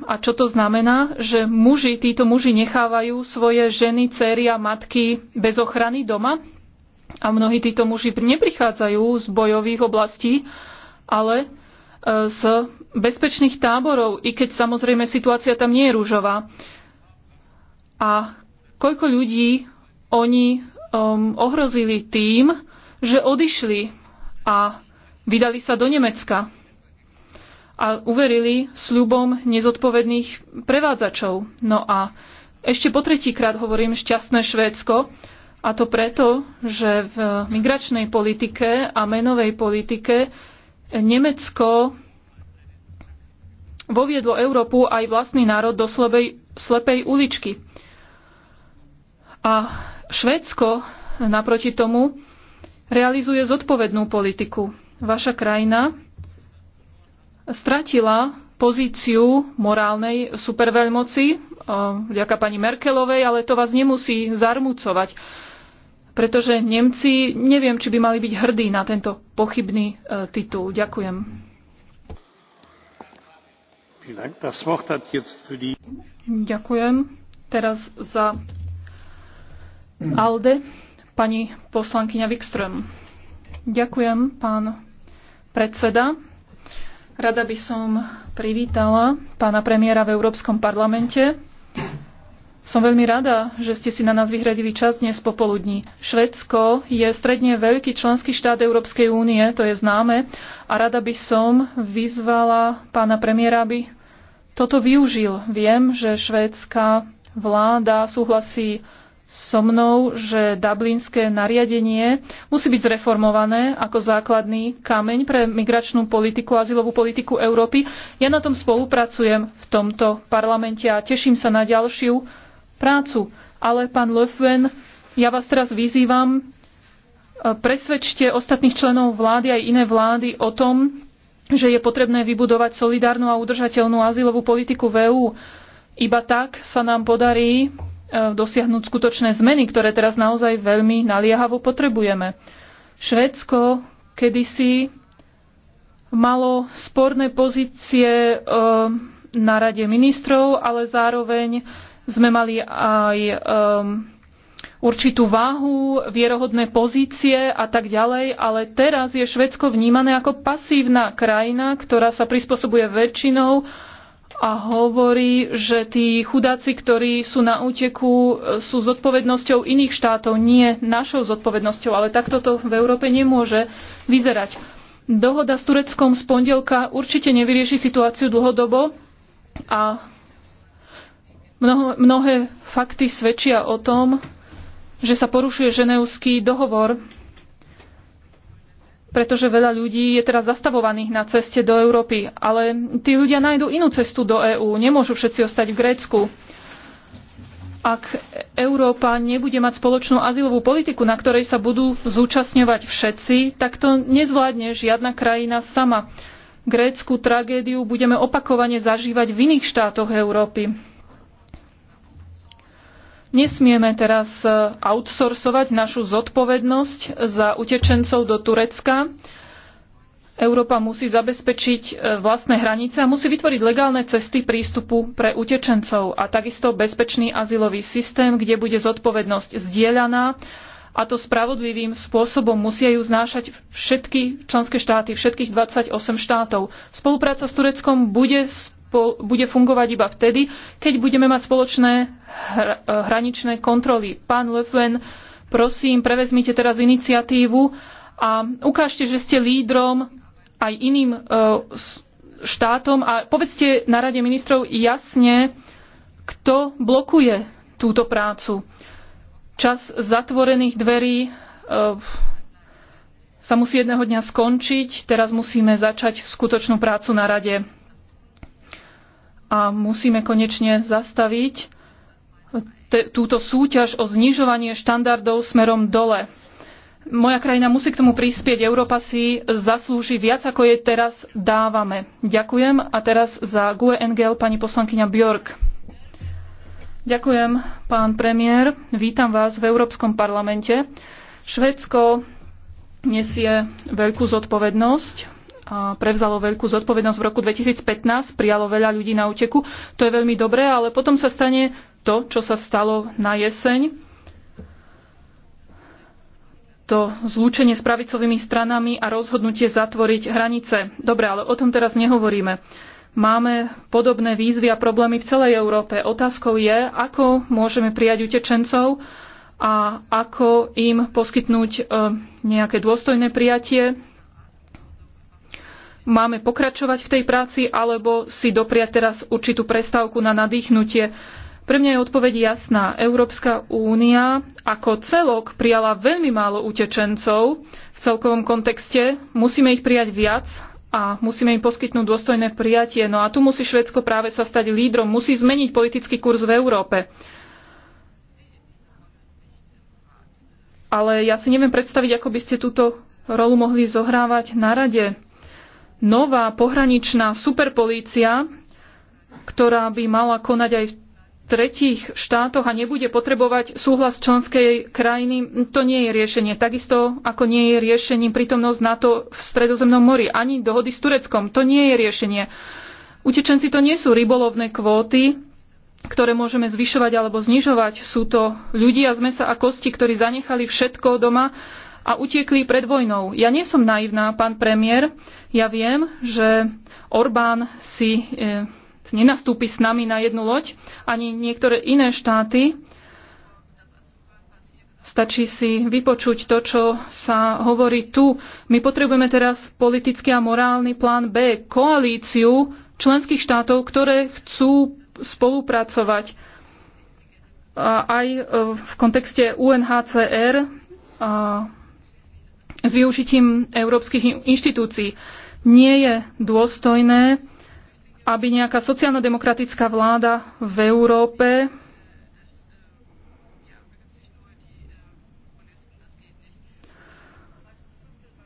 a čo to znamená, že muži, títo muži nechávajú svoje ženy, céry a matky bez ochrany doma? A mnohí títo muži neprichádzajú z bojových oblastí, ale e, z bezpečných táborov, i keď samozrejme situácia tam nie je rúžová. A koľko ľudí oni um, ohrozili tým, že odišli a vydali sa do Nemecka a uverili sľubom nezodpovedných prevádzačov. No a ešte po tretíkrát hovorím šťastné Švédsko, a to preto, že v migračnej politike a menovej politike Nemecko voviedlo Európu aj vlastný národ do slepej, slepej uličky. A Švédsko naproti tomu realizuje zodpovednú politiku. Vaša krajina stratila pozíciu morálnej superveľmoci vďaka pani Merkelovej, ale to vás nemusí zarmúcovať pretože Nemci neviem, či by mali byť hrdí na tento pochybný e, titul. Ďakujem. Ďakujem. Teraz za ALDE pani poslankyňa Wikström. Ďakujem, pán predseda. Rada by som privítala pána premiéra v Európskom parlamente. Som veľmi rada, že ste si na nás vyhradili čas dnes popoludní. Švedsko je stredne veľký členský štát Európskej únie, to je známe, a rada by som vyzvala pána premiéra, aby toto využil. Viem, že švédska vláda súhlasí so mnou, že dublinské nariadenie musí byť zreformované ako základný kameň pre migračnú politiku, azylovú politiku Európy. Ja na tom spolupracujem v tomto parlamente a teším sa na ďalšiu prácu. Ale pán Löfven, ja vás teraz vyzývam, e, presvedčte ostatných členov vlády aj iné vlády o tom, že je potrebné vybudovať solidárnu a udržateľnú azylovú politiku v EÚ. Iba tak sa nám podarí e, dosiahnuť skutočné zmeny, ktoré teraz naozaj veľmi naliehavo potrebujeme. Švédsko kedysi malo sporné pozície e, na rade ministrov, ale zároveň sme mali aj um, určitú váhu, vierohodné pozície a tak ďalej, ale teraz je Švedsko vnímané ako pasívna krajina, ktorá sa prispôsobuje väčšinou a hovorí, že tí chudáci, ktorí sú na úteku, sú zodpovednosťou iných štátov, nie našou zodpovednosťou, ale takto to v Európe nemôže vyzerať. Dohoda s Tureckom z pondelka určite nevyrieši situáciu dlhodobo a Mnoho, mnohé fakty svedčia o tom, že sa porušuje ženevský dohovor, pretože veľa ľudí je teraz zastavovaných na ceste do Európy. Ale tí ľudia nájdú inú cestu do EÚ. Nemôžu všetci ostať v Grécku. Ak Európa nebude mať spoločnú azylovú politiku, na ktorej sa budú zúčastňovať všetci, tak to nezvládne žiadna krajina sama. Grécku tragédiu budeme opakovane zažívať v iných štátoch Európy. Nesmieme teraz e, outsourcovať našu zodpovednosť za utečencov do Turecka. Európa musí zabezpečiť e, vlastné hranice a musí vytvoriť legálne cesty prístupu pre utečencov a takisto bezpečný azylový systém, kde bude zodpovednosť zdieľaná a to spravodlivým spôsobom musia ju znášať všetky členské štáty, všetkých 28 štátov. Spolupráca s Tureckom bude bude fungovať iba vtedy, keď budeme mať spoločné eh, hraničné kontroly. Pán Le prosím, prevezmite teraz iniciatívu a ukážte, že ste lídrom aj iným eh, štátom a povedzte na Rade ministrov jasne, kto blokuje túto prácu. Čas zatvorených dverí eh, sa musí jedného dňa skončiť, teraz musíme začať skutočnú prácu na Rade a musíme konečne zastaviť túto súťaž o znižovanie štandardov smerom dole. Moja krajina musí k tomu prispieť. Európa si zaslúži viac, ako jej teraz dávame. Ďakujem. A teraz za GUE NGL pani poslankyňa Björk. Ďakujem, pán premiér. Vítam vás v Európskom parlamente. Švedsko nesie veľkú zodpovednosť prevzalo veľkú zodpovednosť v roku 2015, prijalo veľa ľudí na úteku, To je veľmi dobré, ale potom sa stane to, čo sa stalo na jeseň. To zlúčenie s pravicovými stranami a rozhodnutie zatvoriť hranice. Dobre, ale o tom teraz nehovoríme. Máme podobné výzvy a problémy v celej Európe. Otázkou je, ako môžeme prijať utečencov a ako im poskytnúť eh, nejaké dôstojné prijatie máme pokračovať v tej práci alebo si dopriať teraz určitú prestávku na nadýchnutie. Pre mňa je odpoveď jasná. Európska únia ako celok prijala veľmi málo utečencov v celkovom kontexte. Musíme ich prijať viac a musíme im poskytnúť dôstojné prijatie. No a tu musí Švedsko práve sa stať lídrom, musí zmeniť politický kurz v Európe. Ale ja si neviem predstaviť, ako by ste túto rolu mohli zohrávať na rade nová pohraničná superpolícia, ktorá by mala konať aj v tretích štátoch a nebude potrebovať súhlas členskej krajiny, to nie je riešenie. Takisto ako nie je riešením prítomnosť NATO v Stredozemnom mori, ani dohody s Tureckom. To nie je riešenie. Utečenci to nie sú rybolovné kvóty, ktoré môžeme zvyšovať alebo znižovať. Sú to ľudia z mesa a kosti, ktorí zanechali všetko doma a utiekli pred vojnou. Ja nie som naivná, pán premiér. Ja viem, že Orbán si e, nenastúpi s nami na jednu loď, ani niektoré iné štáty. Stačí si vypočuť to, čo sa hovorí tu. My potrebujeme teraz politický a morálny plán B, koalíciu členských štátov, ktoré chcú spolupracovať aj e, v kontexte UNHCR a s využitím európskych inštitúcií. Nie je dôstojné, aby nejaká sociálno-demokratická vláda v Európe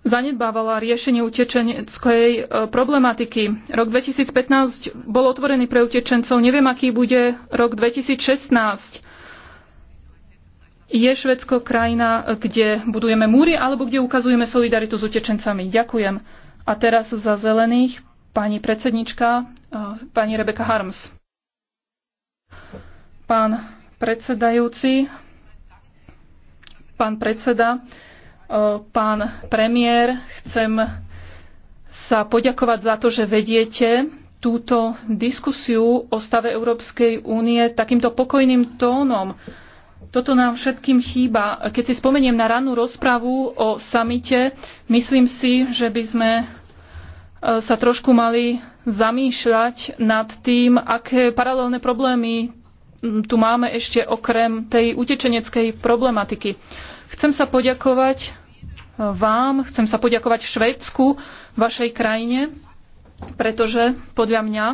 zanedbávala riešenie utečeneckej e, problematiky. Rok 2015 bol otvorený pre utečencov. Neviem, aký bude rok 2016. Je Švedsko krajina, kde budujeme múry alebo kde ukazujeme solidaritu s utečencami? Ďakujem. A teraz za zelených pani predsednička, eh, pani Rebeka Harms. Pán predsedajúci, pán predseda, eh, pán premiér, chcem sa poďakovať za to, že vediete túto diskusiu o stave Európskej únie takýmto pokojným tónom toto nám všetkým chýba. Keď si spomeniem na rannú rozpravu o samite, myslím si, že by sme e, sa trošku mali zamýšľať nad tým, aké paralelné problémy tu máme ešte okrem tej utečeneckej problematiky. Chcem sa poďakovať e, vám, chcem sa poďakovať Švédsku, vašej krajine, pretože podľa mňa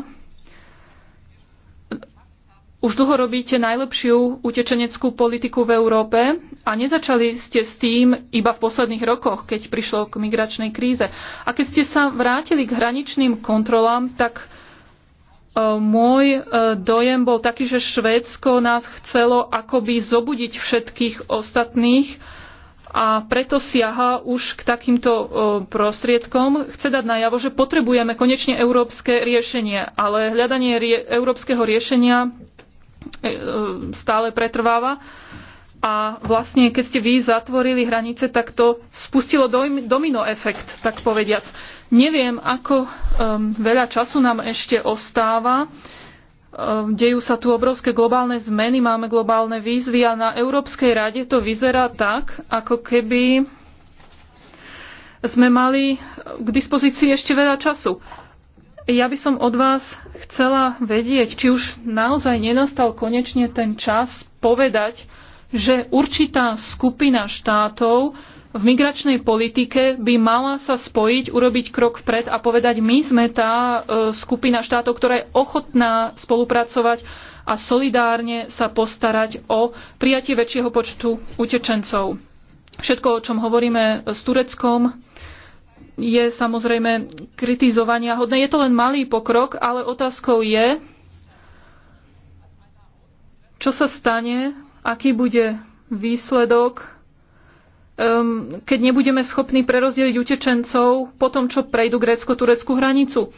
už dlho robíte najlepšiu utečeneckú politiku v Európe a nezačali ste s tým iba v posledných rokoch, keď prišlo k migračnej kríze. A keď ste sa vrátili k hraničným kontrolám, tak e, môj e, dojem bol taký, že Švédsko nás chcelo akoby zobudiť všetkých ostatných a preto siaha už k takýmto e, prostriedkom. Chce dať najavo, že potrebujeme konečne európske riešenie, ale hľadanie rie- európskeho riešenia E, e, stále pretrváva. A vlastne, keď ste vy zatvorili hranice, tak to spustilo domino efekt, tak povediac. Neviem, ako um, veľa času nám ešte ostáva. Um, dejú sa tu obrovské globálne zmeny, máme globálne výzvy a na Európskej rade to vyzerá tak, ako keby sme mali k dispozícii ešte veľa času ja by som od vás chcela vedieť, či už naozaj nenastal konečne ten čas povedať, že určitá skupina štátov v migračnej politike by mala sa spojiť, urobiť krok vpred a povedať, my sme tá e, skupina štátov, ktorá je ochotná spolupracovať a solidárne sa postarať o prijatie väčšieho počtu utečencov. Všetko, o čom hovoríme s Tureckom, je samozrejme kritizovania hodné. Je to len malý pokrok, ale otázkou je, čo sa stane, aký bude výsledok, um, keď nebudeme schopní prerozdeliť utečencov po tom, čo prejdú grécko-tureckú hranicu.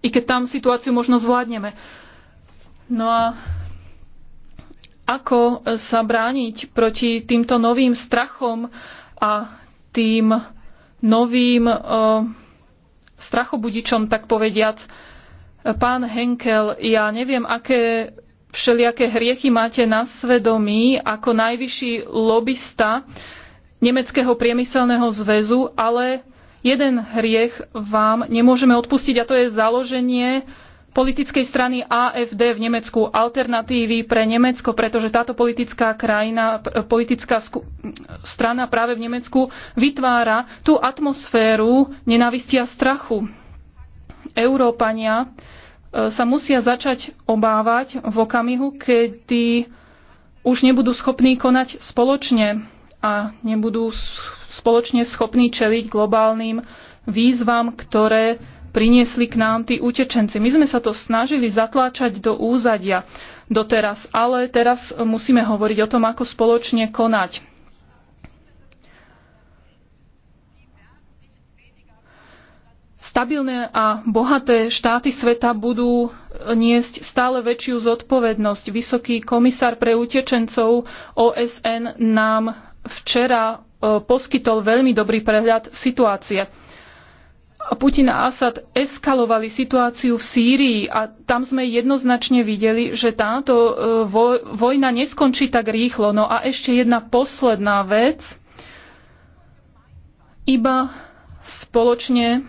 I keď tam situáciu možno zvládneme. No a ako sa brániť proti týmto novým strachom a tým novým eh, strachobudičom, tak povediac. Pán Henkel, ja neviem, aké všelijaké hriechy máte na svedomí ako najvyšší lobista Nemeckého priemyselného zväzu, ale jeden hriech vám nemôžeme odpustiť a to je založenie politickej strany AFD v Nemecku, alternatívy pre Nemecko, pretože táto politická krajina, politická strana práve v Nemecku vytvára tú atmosféru nenávisti a strachu. Európania e, sa musia začať obávať v okamihu, kedy už nebudú schopní konať spoločne a nebudú spoločne schopní čeliť globálnym výzvam, ktoré priniesli k nám tí utečenci. My sme sa to snažili zatláčať do úzadia doteraz, ale teraz musíme hovoriť o tom, ako spoločne konať. Stabilné a bohaté štáty sveta budú niesť stále väčšiu zodpovednosť. Vysoký komisár pre utečencov OSN nám včera e, poskytol veľmi dobrý prehľad situácie. Putin a Asad eskalovali situáciu v Sýrii a tam sme jednoznačne videli, že táto e, vojna neskončí tak rýchlo. No a ešte jedna posledná vec. Iba spoločne e,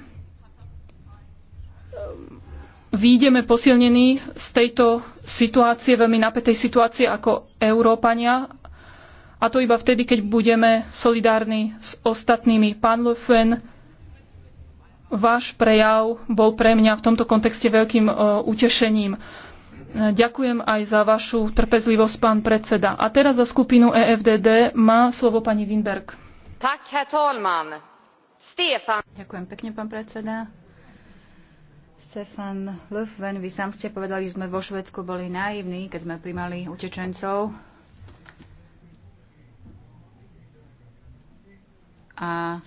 výjdeme posilnení z tejto situácie, veľmi napätej situácie ako Európania. A to iba vtedy, keď budeme solidárni s ostatnými. Pán Le Fuen, Váš prejav bol pre mňa v tomto kontexte veľkým e, utešením. E, ďakujem aj za vašu trpezlivosť, pán predseda. A teraz za skupinu EFDD má slovo pani Winberg. Tak, herr Tolman. Stefan. Ďakujem pekne, pán predseda. Stefan Löfven, vy sám ste povedali, že sme vo Švedsku boli naivní, keď sme primali utečencov. A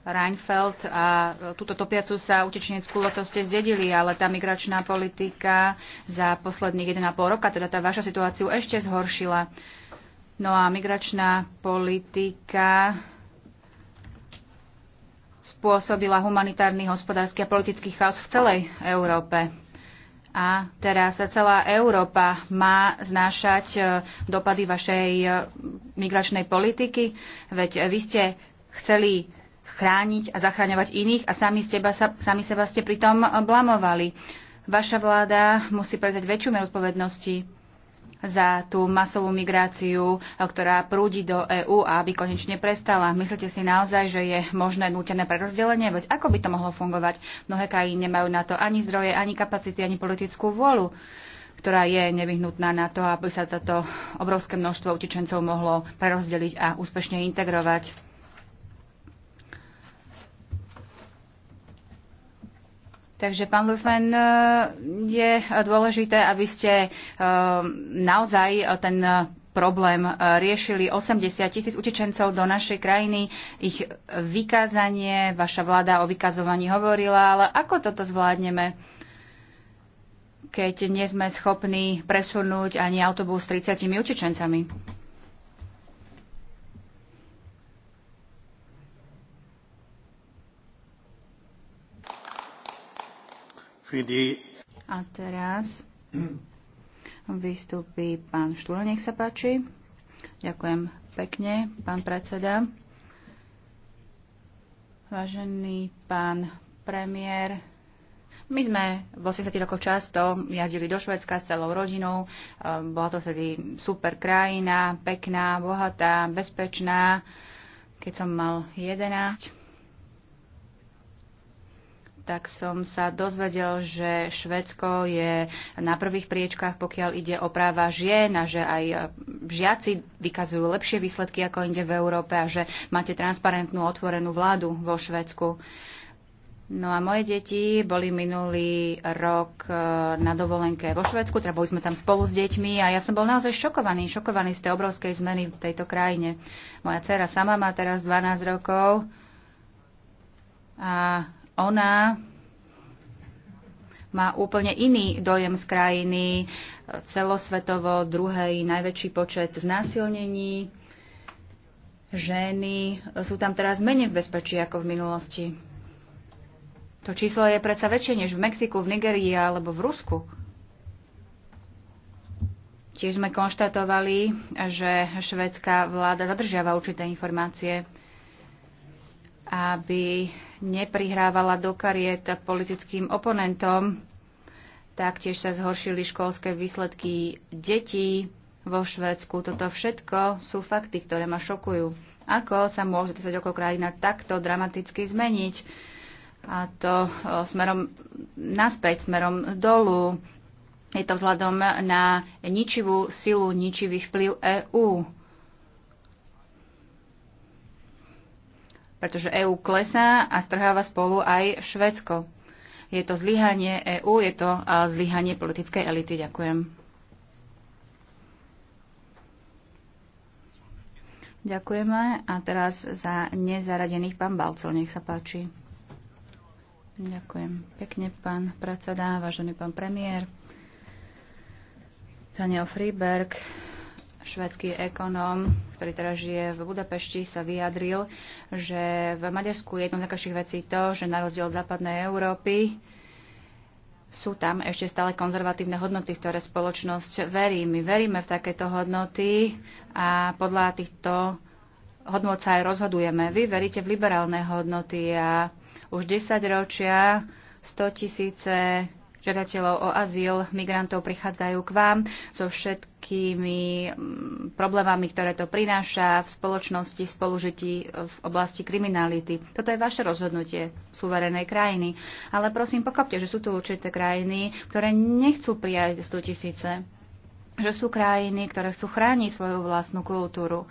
Reinfeldt a túto topiacu sa utečeneckú lotoste zdedili, ale tá migračná politika za posledných 1,5 roka, teda tá vaša situáciu ešte zhoršila. No a migračná politika spôsobila humanitárny, hospodársky a politický chaos v celej Európe. A teraz sa celá Európa má znášať e, dopady vašej e, migračnej politiky, veď e, vy ste chceli chrániť a zachraňovať iných a sami, teba, sami seba ste pritom blamovali. Vaša vláda musí prezať väčšiu mieru odpovednosti za tú masovú migráciu, ktorá prúdi do EÚ a aby konečne prestala. Myslíte si naozaj, že je možné nútené prerozdelenie? Veď ako by to mohlo fungovať? Mnohé krajiny nemajú na to ani zdroje, ani kapacity, ani politickú vôľu ktorá je nevyhnutná na to, aby sa toto obrovské množstvo utečencov mohlo prerozdeliť a úspešne integrovať. Takže, pán Lufen, e, je dôležité, aby ste e, naozaj ten problém e, riešili 80 tisíc utečencov do našej krajiny. Ich vykázanie, vaša vláda o vykazovaní hovorila, ale ako toto zvládneme? keď nie sme schopní presunúť ani autobus s 30 utečencami. A teraz vystúpi pán Štúle, nech sa páči. Ďakujem pekne, pán predseda. Vážený pán premiér, my sme v 80 rokoch často jazdili do Švedska s celou rodinou. Ehm, bola to vtedy super krajina, pekná, bohatá, bezpečná. Keď som mal 11, tak som sa dozvedel, že Švedsko je na prvých priečkách, pokiaľ ide o práva žien a že aj eh, žiaci vykazujú lepšie výsledky ako inde v Európe a že máte transparentnú, otvorenú vládu vo Švedsku. No a moje deti boli minulý rok eh, na dovolenke vo Švedsku, teda boli sme tam spolu s deťmi a ja som bol naozaj šokovaný, šokovaný z tej obrovskej zmeny v tejto krajine. Moja dcera sama má teraz 12 rokov a ona má úplne iný dojem z krajiny, celosvetovo druhej najväčší počet znásilnení. Ženy sú tam teraz menej v bezpečí ako v minulosti. To číslo je predsa väčšie než v Mexiku, v Nigerii alebo v Rusku. Tiež sme konštatovali, že švedská vláda zadržiava určité informácie aby neprihrávala do kariet politickým oponentom. Taktiež sa zhoršili školské výsledky detí vo Švedsku. Toto všetko sú fakty, ktoré ma šokujú. Ako sa môže 10 rokov krajina takto dramaticky zmeniť? A to smerom naspäť, smerom dolu. Je to vzhľadom na ničivú silu, ničivý vplyv EÚ pretože EÚ klesá a strháva spolu aj Švedsko. Je to zlyhanie EÚ, je to zlyhanie politickej elity. Ďakujem. Ďakujeme. A teraz za nezaradených pán Balcov, nech sa páči. Ďakujem pekne, pán predseda, vážený pán premiér. Daniel Friberg, švedský ekonóm, ktorý teraz žije v Budapešti, sa vyjadril, že v Maďarsku je jednou z najkrajších vecí to, že na rozdiel od západnej Európy sú tam ešte stále konzervatívne hodnoty, v ktoré spoločnosť verí. My veríme v takéto hodnoty a podľa týchto hodnot sa aj rozhodujeme. Vy veríte v liberálne hodnoty a už 10 ročia 100 tisíce žiadateľov o azyl, migrantov prichádzajú k vám so všetkými mm, problémami, ktoré to prináša v spoločnosti, v spolužití v oblasti kriminality. Toto je vaše rozhodnutie suverenej krajiny. Ale prosím, pochopte, že sú tu určité krajiny, ktoré nechcú prijať 100 tisíce. Že sú krajiny, ktoré chcú chrániť svoju vlastnú kultúru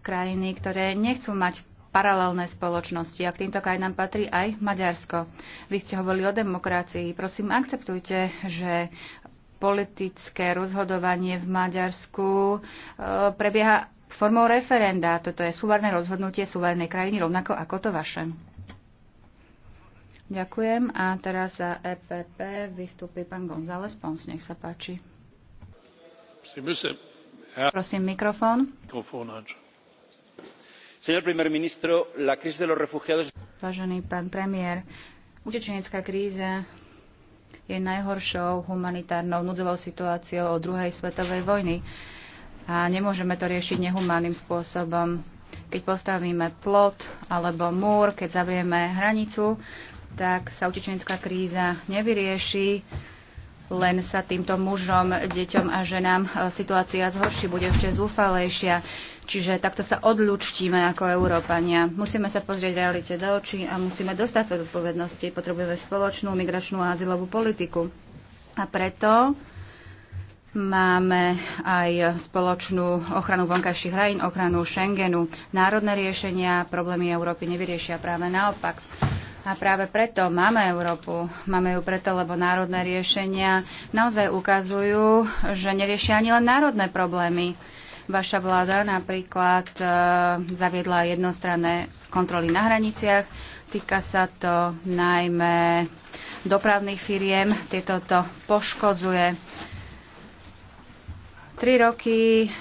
krajiny, ktoré nechcú mať paralelné spoločnosti. A k týmto krajinám patrí aj Maďarsko. Vy ste hovorili o demokracii. Prosím, akceptujte, že politické rozhodovanie v Maďarsku e, prebieha formou referenda. Toto je súverné rozhodnutie súvernej krajiny, rovnako ako to vaše. Ďakujem. A teraz za EPP vystúpi pán González Pons. Nech sa páči. Prosím, mikrofón. Mikrofón, Vážený pán premiér, utečenecká kríza je najhoršou humanitárnou núdzovou situáciou od druhej svetovej vojny a nemôžeme to riešiť nehumánnym spôsobom. Keď postavíme plot alebo múr, keď zavrieme hranicu, tak sa utečenecká kríza nevyrieši, len sa týmto mužom, deťom a ženám e, situácia zhorší, bude ešte zúfalejšia. Čiže takto sa odlučtíme ako Európania. Musíme sa pozrieť realite do očí a musíme dostať svoje zodpovednosti. Potrebujeme spoločnú migračnú a azylovú politiku. A preto Máme aj spoločnú ochranu vonkajších hrajín, ochranu Schengenu. Národné riešenia problémy Európy nevyriešia práve naopak. A práve preto máme Európu. Máme ju preto, lebo národné riešenia naozaj ukazujú, že neriešia ani len národné problémy. Vaša vláda napríklad e, zaviedla jednostranné kontroly na hraniciach. Týka sa to najmä dopravných firiem. Tieto to poškodzuje. Tri roky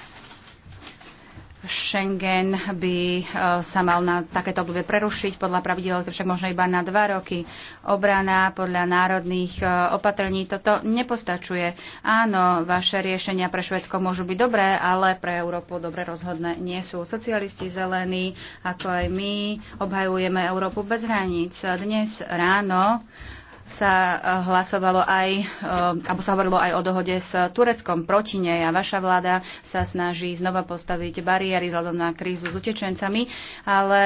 Schengen by eh, sa mal na takéto obdobie prerušiť, podľa pravidel to však možno iba na dva roky. Obrana podľa národných eh, opatrení toto nepostačuje. Áno, vaše riešenia pre Švedsko môžu byť dobré, ale pre Európu dobre rozhodné nie sú. Socialisti zelení, ako aj my, obhajujeme Európu bez hraníc. Dnes ráno sa eh, hlasovalo aj, eh, alebo sa hovorilo aj o dohode s Tureckom proti nej a vaša vláda sa snaží znova postaviť bariéry vzhľadom na krízu s utečencami, ale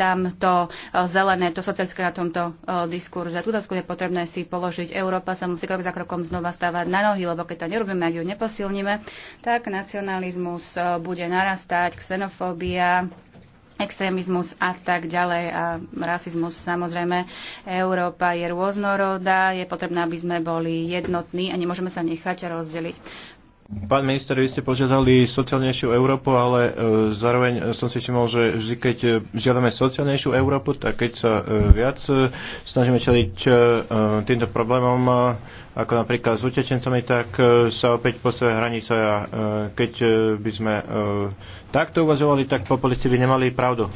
tam to eh, zelené, to sociálne na tomto diskurze. Tuto je potrebné si položiť. Európa sa musí krok za krokom znova stávať na nohy, lebo keď to nerobíme, ak ju neposilníme, tak nacionalizmus bude narastať, xenofóbia, extrémizmus a tak ďalej a rasizmus. Samozrejme, Európa je rôznorodá, je potrebné, aby sme boli jednotní a nemôžeme sa nechať rozdeliť. Pán minister, vy ste požiadali sociálnejšiu Európu, ale e, zároveň som si všimol, že vždy, keď e, žiadame sociálnejšiu Európu, tak keď sa e, viac e, snažíme čeliť e, e týmto problémom, e, ako napríklad s utečencami, tak e, sa opäť postavia hranice a e, keď e, by sme e, takto uvažovali, tak populisti by nemali pravdu.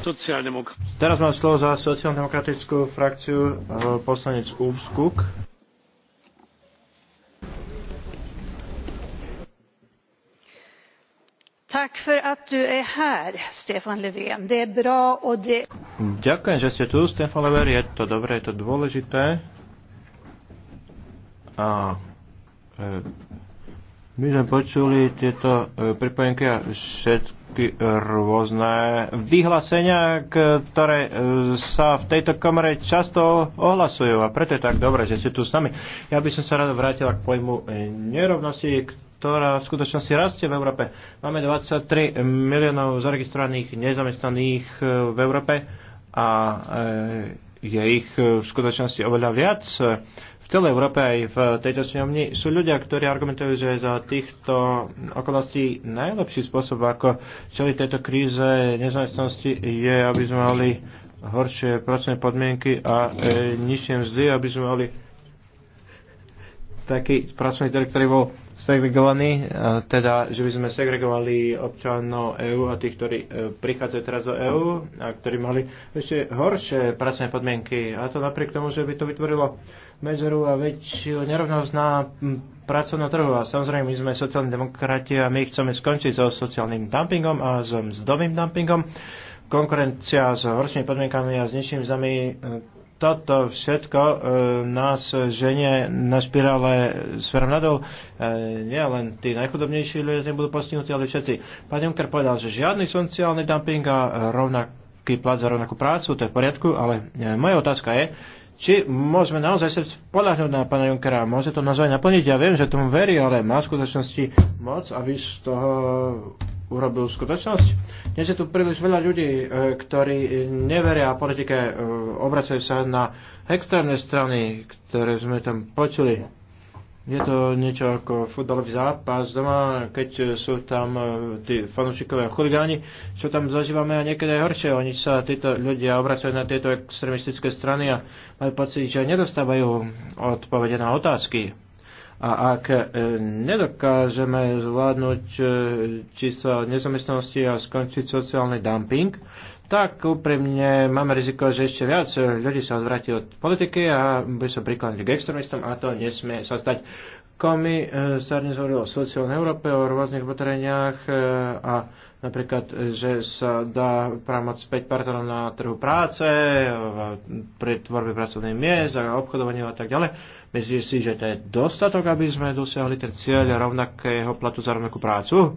Teraz mám slovo za sociálno-demokratickú frakciu e, poslanec Úbskuk. Tack för att du är här, Stefan Löfven. Det är bra och det... Ďakujem, že ste tu, Stefan Löfven. Je to dobré, je to dôležité. A, e, my sme počuli tieto e, pripojenky a všetky rôzne vyhlásenia, ktoré e, sa v tejto komore často ohlasujú a preto je tak dobré, že ste tu s nami. Ja by som sa rád vrátila k pojmu nerovnosti, ktorá v skutočnosti rastie v Európe. Máme 23 miliónov zaregistrovaných nezamestnaných e, v Európe a e, je ich e, v skutočnosti oveľa viac. V celej Európe aj v tejto sňovni sú ľudia, ktorí argumentujú, že za týchto okolností najlepší spôsob, ako čeliť tejto kríze nezamestnanosti, je, aby sme mali horšie pracovné podmienky a e, nižšie mzdy, aby sme mali taký pracovný trh, ktorý bol segregovaní, e, teda, že by sme segregovali občanov EÚ a tých, ktorí e, prichádzajú teraz do EÚ a ktorí mali ešte horšie pracovné podmienky. A to napriek tomu, že by to vytvorilo medzeru a väčšiu nerovnosť na pracovnom trhu. A samozrejme, my sme sociálni demokrati a my chceme skončiť so sociálnym dumpingom a s mzdovým dumpingom. Konkurencia s horšími podmienkami a s nižšími zami toto všetko e, nás ženie na špirále smerom nadol. E, nie len tí najchudobnejší ľudia nebudú postihnutí, ale všetci. Pán Juncker povedal, že žiadny sociálny dumping a rovnaký plat za rovnakú prácu, to je v poriadku, ale e, moja otázka je, či môžeme naozaj sa spolahnuť na pána Junkera. Môže to naozaj naplniť, ja viem, že tomu verí, ale má v skutočnosti moc, aby z toho urobil skutočnosť. Dnes je tu príliš veľa ľudí, e, ktorí neveria politike, e, obracajú sa na extrémne strany, ktoré sme tam počuli je to niečo ako futbalový zápas doma, keď sú tam e, tí fanúšikové chuligáni, čo tam zažívame a niekedy aj horšie. Oni sa títo ľudia obracajú na tieto extremistické strany a majú pocit, že nedostávajú odpovede na otázky. A ak e, nedokážeme zvládnuť e, čisto nezamestnanosti a skončiť sociálny dumping, tak úprimne máme riziko, že ešte viac ľudí sa odvráti od politiky a bude sa prikladniť k extrémistom a to nesmie sa stať. Komi sa dnes hovorilo o sociálnej Európe, o rôznych potreniach e, a Napríklad, že sa dá právomoc späť partnerom na trhu práce, pri tvorbe pracovných miest a obchodovaniu a tak ďalej. Myslíš si, že to je dostatok, aby sme dosiahli ten cieľ rovnakého platu za rovnakú prácu?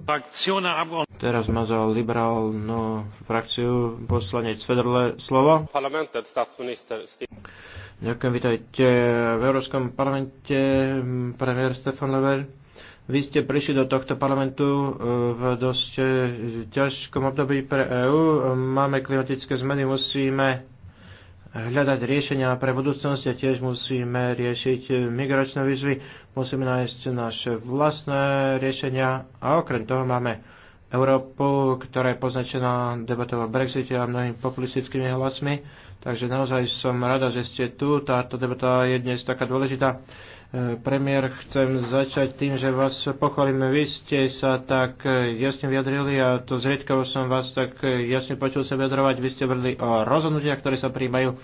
Teraz ma za liberálnu frakciu poslanec Federle slovo. Ďakujem, vítajte v Európskom parlamente, premiér Stefan Lever. Vy ste prišli do tohto parlamentu e, v dosť e, ťažkom období pre EÚ. Máme klimatické zmeny, musíme hľadať riešenia pre budúcnosť a tiež musíme riešiť migračné výzvy, musíme nájsť naše vlastné riešenia a okrem toho máme Európu, ktorá je poznačená debatou o Brexite a mnohými populistickými hlasmi. Takže naozaj som rada, že ste tu. Táto debata je dnes taká dôležitá premiér, chcem začať tým, že vás pochválime. Vy ste sa tak e, jasne vyjadrili a to zriedkavo som vás tak e, jasne počul sa vyjadrovať. Vy ste vrli o rozhodnutiach, ktoré sa príjmajú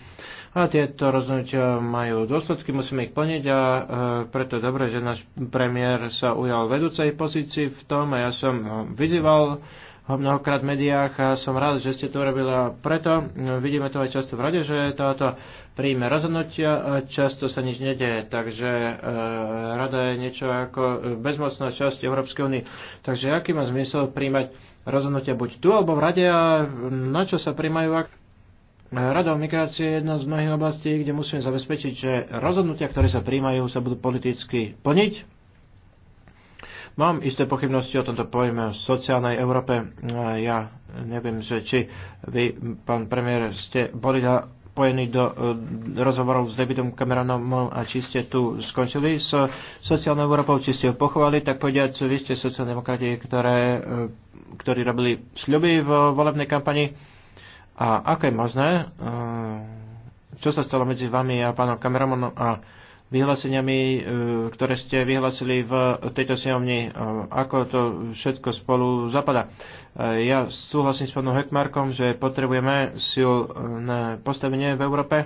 a tieto rozhodnutia majú dôsledky, musíme ich plniť a e, preto je dobré, že náš premiér sa ujal vedúcej pozícii v tom a ja som vyzýval ho mnohokrát v médiách a som rád, že ste to urobili. A preto no, vidíme to aj často v rade, že táto príjme rozhodnutia a často sa nič nedeje. Takže e, rada je niečo ako bezmocná časť Európskej únie. Takže aký má zmysel príjmať rozhodnutia buď tu alebo v rade a na čo sa príjmajú ak? Rada o migrácie je jedna z mnohých oblastí, kde musíme zabezpečiť, že rozhodnutia, ktoré sa príjmajú, sa budú politicky plniť Mám isté pochybnosti o tomto pojme v sociálnej Európe. Ja neviem, že či vy, pán premiér, ste boli na zapojení do e, rozhovorov s Davidom Cameronom a či ste tu skončili s sociálnou Európou, či ste ho pochovali, tak povediať, vy ste demokrati, ktoré, e, ktorí robili sľuby v volebnej kampani. A ako je možné, e, čo sa stalo medzi vami a pánom Cameronom a vyhláseniami, e, ktoré ste vyhlásili v tejto snemovni, e, ako to všetko spolu zapada. E, ja súhlasím s pánom Hekmarkom, že potrebujeme silné postavenie v Európe.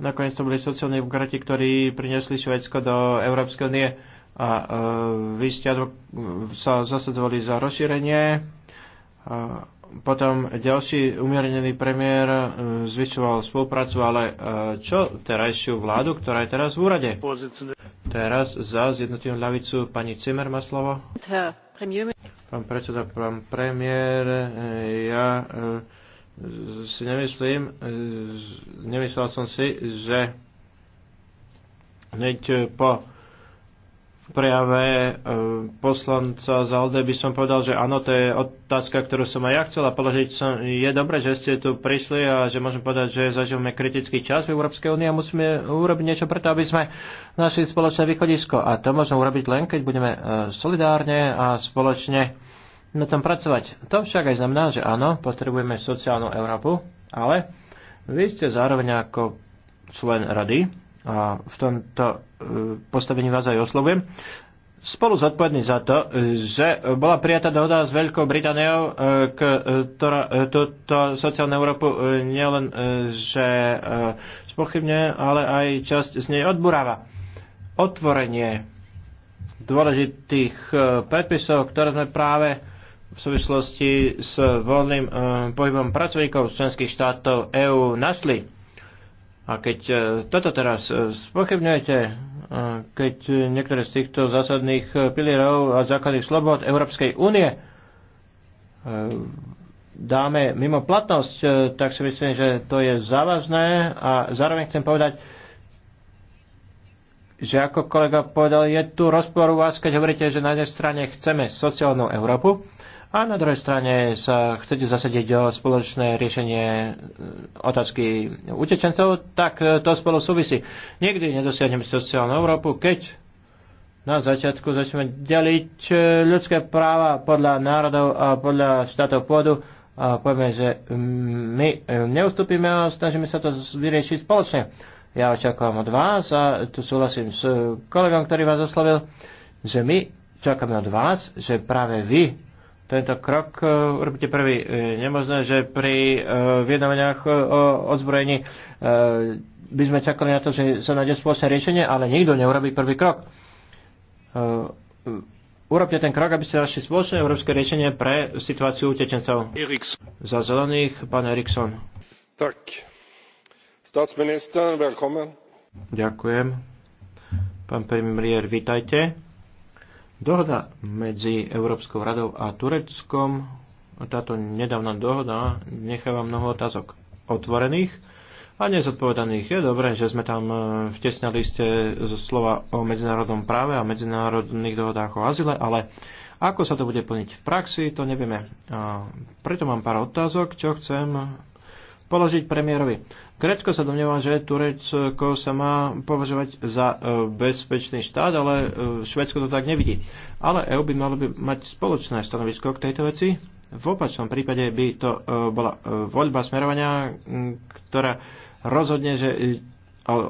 Nakoniec to boli sociálni demokrati, ktorí priniesli Švedsko do Európskej únie a vy ste sa zasadzovali za rozšírenie. A potom ďalší umiernený premiér e, zvyšoval spoluprácu, ale e, čo terajšiu vládu, ktorá je teraz v úrade? Teraz za zjednotenú ľavicu pani Cimer má slovo. Pán predseda, pán premiér, e, ja si nemyslím, nemyslel som si, že hneď po prejave e, poslanca z Alde by som povedal, že áno, to je otázka, ktorú som aj ja chcela položiť. Som, je dobré, že ste tu prišli a že môžem povedať, že zažívame kritický čas v Európskej únii a musíme urobiť niečo preto, aby sme našli spoločné východisko. A to môžeme urobiť len, keď budeme e, solidárne a spoločne na tom pracovať. To však aj znamená, že áno, potrebujeme sociálnu Európu, ale vy ste zároveň ako člen rady a v tomto e, postavení vás aj oslovujem, spolu zodpovední za to, e, že bola prijatá dohoda s Veľkou Britániou, e, ktorá túto sociálnu Európu nielen, že spochybne, ale aj časť z nej odburáva. Otvorenie dôležitých predpisov, ktoré sme práve v súvislosti s voľným pohybom pracovníkov z členských štátov EÚ našli a keď e, toto teraz e, spochybňujete, e, keď niektoré z týchto zásadných pilierov a základných slobod Európskej únie dáme mimo platnosť, tak si myslím, že to je závažné a zároveň chcem povedať, že ako kolega povedal, je tu rozpor u vás, keď hovoríte, že na jednej strane chceme sociálnu Európu a na druhej strane sa chcete zasadiť o spoločné riešenie e, otázky utečencov, tak e, to spolu súvisí. Nikdy nedosiahneme sociálnu Európu, keď na začiatku začneme deliť e, ľudské práva podľa národov a podľa štátov pôdu a povieme, že my neustúpime a snažíme sa to vyriešiť spoločne. Ja očakávam od vás a tu súhlasím s kolegom, ktorý vás oslovil, že my čakáme od vás, že práve vy tento krok. E, urobíte prvý. E, nemožné, že pri e, vyjednávaniach o uh, by sme čakali na to, že sa nájde spoločné riešenie, ale nikto neurobí prvý krok. Urobte ten krok, aby ste našli spoločné európske riešenie pre situáciu utečencov. Eriksson. Za zelených, pán Eriksson. Tak. Statsminister, velkommen. Ďakujem. Pán premiér, vítajte. Dohoda medzi Európskou radou a Tureckom, táto nedávna dohoda, necháva mnoho otázok otvorených a nezodpovedaných. Je dobré, že sme tam e, vtesnali ste slova o medzinárodnom práve a medzinárodných dohodách o azile, ale ako sa to bude plniť v praxi, to nevieme. A preto mám pár otázok, čo chcem položiť premiérovi. Grécko sa domnieva, že Turecko sa má považovať za e, bezpečný štát, ale e, Švedsko to tak nevidí. Ale EU by malo by mať spoločné stanovisko k tejto veci. V opačnom prípade by to e, bola voľba smerovania, ktorá rozhodne, že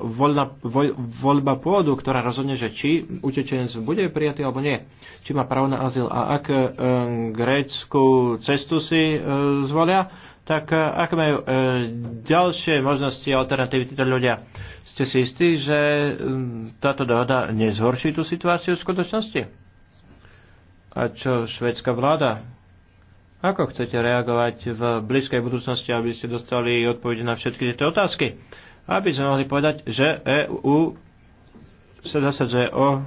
voľna, voľ, voľba pôdu, ktorá rozhodne, že či utečenec bude prijatý alebo nie. Či má právo na azyl. A ak e, grécku cestu si e, zvolia, tak e, aké majú e, ďalšie možnosti a alternatívy títo ľudia? Ste si istí, že táto dohoda nezhorší tú situáciu v skutočnosti? A čo švedská vláda? Ako chcete reagovať v blízkej budúcnosti, aby ste dostali odpovede na všetky tieto otázky? Aby sme mohli povedať, že EU sa zasadzuje o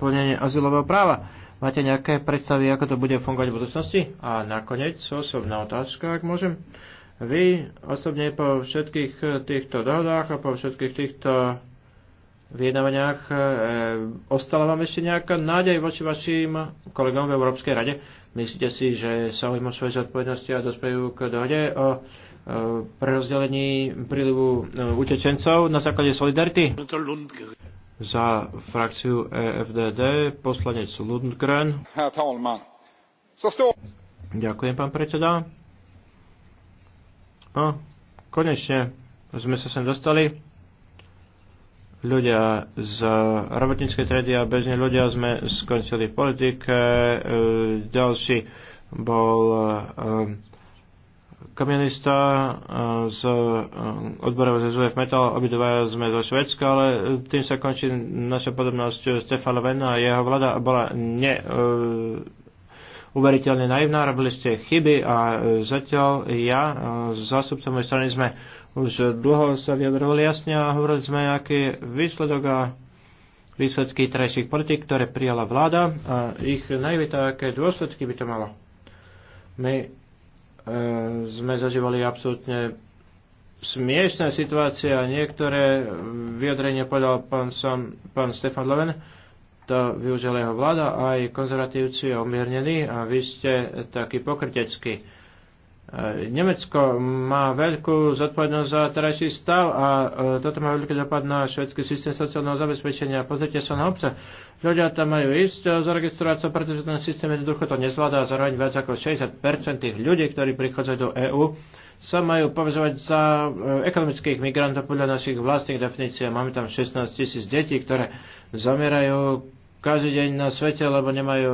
plnenie azylového práva. Máte nejaké predstavy, ako to bude fungovať v budúcnosti? A nakoniec osobná otázka, ak môžem. Vy osobne po všetkých týchto dohodách a po všetkých týchto vyjednávaniach e, ostala vám ešte nejaká nádej voči vašim kolegom v Európskej rade? Myslíte si, že sa ujmú svoje zodpovednosti a dospejú k dohode o e, prerozdelení prílivu e, utečencov na základe solidarity? za frakciu EFDD poslanec Lundgren. Ďakujem, pán predseda. No, konečne sme sa sem dostali ľudia z robotníckej tredy a bežne ľudia sme skončili v politike. E, ďalší bol e, kamionista eh, z eh, odborov z ZUF Metal, obidva sme zo Švedska, ale eh, tým sa končí naša podobnosť Stefana Venna a jeho vláda bola ne, uveriteľne naivná, robili ste chyby a zatiaľ ja, zástupcom mojej strany sme už dlho sa vyjadrovali jasne a hovorili sme, aký výsledok a výsledky trajších politik, ktoré prijala vláda a ich naivita, aké dôsledky by to malo. My E, sme zažívali absolútne smiešné situácie a niektoré vyjadrenie podal pán, sam, pán Stefan Leven, to využila jeho vláda, aj konzervatívci je umiernení a vy ste taký pokrtecký. E, Nemecko má veľkú zodpovednosť za terajší stav a e, toto má veľký dopad na švedský systém sociálneho zabezpečenia. Pozrite sa na obce ľudia tam majú ísť eh, zaregistrovať sa, pretože ten systém jednoducho to nezvláda a zároveň viac ako 60% tých ľudí, ktorí prichádzajú do EÚ, sa majú považovať za eh, ekonomických migrantov podľa našich vlastných definícií. Máme tam 16 tisíc detí, ktoré zamierajú každý deň na svete, lebo nemajú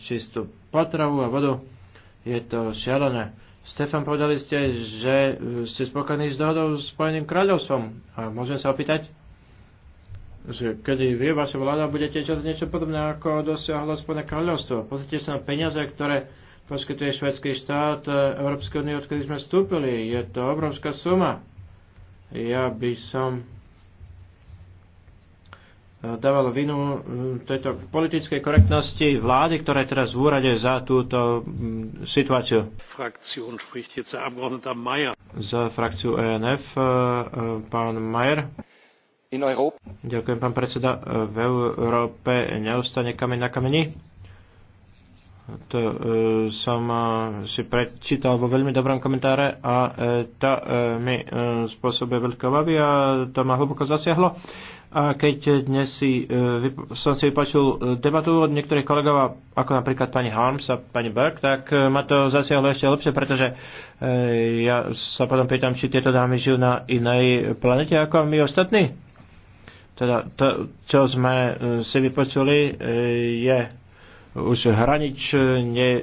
čistú potravu a vodu. Je to šialené. Stefan, povedali ste, že eh, ste spokojní s dohodou s Spojeným kráľovstvom. A môžem sa opýtať? že kedy vy, vaša vláda, budete čas niečo podobné, ako dosiahlo Spojené kráľovstvo. Pozrite sa na peniaze, ktoré poskytuje švedský štát e, Európskej únie, odkedy sme vstúpili. Je to obrovská suma. Ja by som e, dával vinu tejto politickej korektnosti vlády, ktorá je teraz v úrade za túto situáciu. Za frakciu ENF e, pán Majer. Ďakujem, pán predseda. V Európe neostane kameň na kameni. To e, som e, si prečítal vo veľmi dobrom komentáre a e, to e, mi e, spôsobuje veľké obavy a to ma hlboko zasiahlo. A keď dnes si, e, som si vypočul e, debatu od niektorých kolegov, ako napríklad pani Harms a pani Berg, tak e, ma to zasiahlo ešte lepšie, pretože e, ja sa potom pýtam, či tieto dámy žijú na inej planete ako my ostatní teda to, čo sme e, si vypočuli, e, je už hranič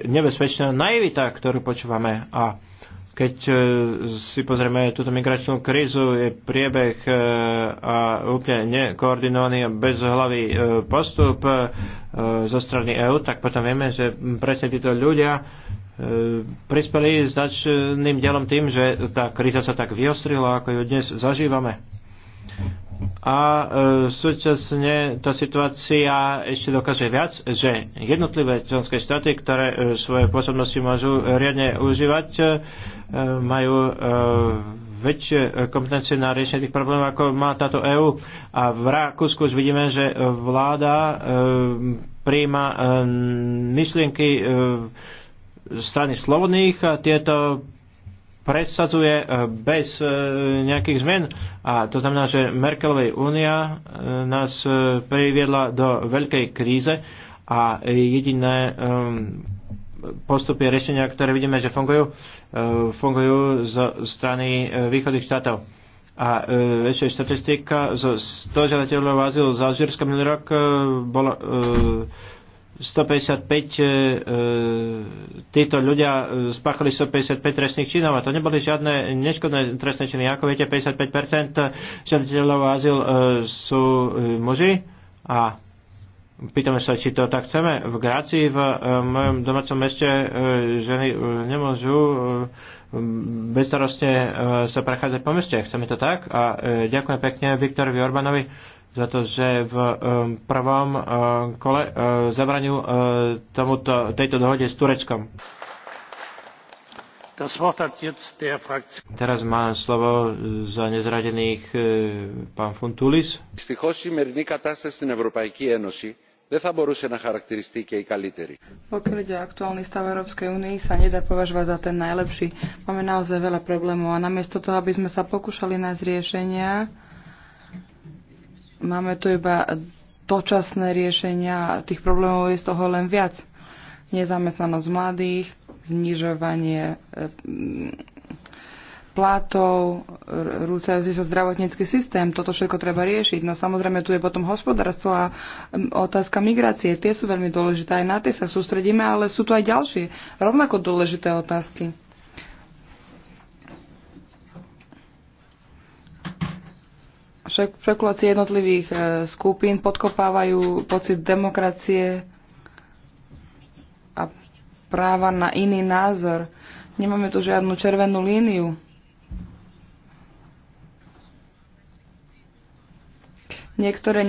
nebezpečná naivita, ktorú počúvame. A keď e, si pozrieme túto migračnú krízu, je priebeh a úplne nekoordinovaný a bezhlavý postup zo strany EÚ, tak potom vieme, že presne títo ľudia prispeli značným dielom tým, že tá kríza sa tak vyostrila, ako ju dnes zažívame a e, súčasne tá situácia ešte dokáže viac, že jednotlivé členské štáty, ktoré e, svoje pôsobnosti môžu riadne užívať, e, majú e, väčšie kompetencie na riešenie tých problémov, ako má táto EÚ. A v Rakúsku už vidíme, že vláda e, príjma e, myšlienky e, strany slobodných a tieto presadzuje e, bez e, nejakých zmien. A to znamená, že Merkelovej únia e, nás priviedla do veľkej kríze a jediné postupy riešenia, ktoré vidíme, že fungujú, fungujú zo strany východných štátov. A ešte štatistika, zo 100 žiadateľov azylu za Alžírska minulý rok bola 155 e, e, títo ľudia e, spáchali 155 trestných činov a to neboli žiadne neškodné trestné činy. Ako viete, 55% žiadateľov o azyl e, sú e, muži a pýtame sa, či to tak chceme. V Grácii, v e, mojom domácom meste, e, ženy e, nemôžu e, bezstarostne e, sa prechádzať po meste. Chceme to tak a e, ďakujem pekne Viktorovi Orbánovi za to, že v prvom kole zabranil tomuto, tejto dohode s Tureckom. Teraz má slovo za nezradených pán Funtulis. Pokiaľ ide aktuálny stav Európskej únie, sa nedá považovať za ten najlepší. Máme naozaj veľa problémov a namiesto toho, aby sme sa pokúšali nájsť riešenia, Máme tu iba dočasné riešenia, tých problémov je z toho len viac. Nezamestnanosť mladých, znižovanie e, platov, rúcajúci sa zdravotnícky systém, toto všetko treba riešiť. No samozrejme, tu je potom hospodárstvo a otázka migrácie, tie sú veľmi dôležité, aj na tie sa sústredíme, ale sú tu aj ďalšie, rovnako dôležité otázky. Špekulácie jednotlivých e, skupín podkopávajú pocit demokracie a práva na iný názor. Nemáme tu žiadnu červenú líniu. Niektoré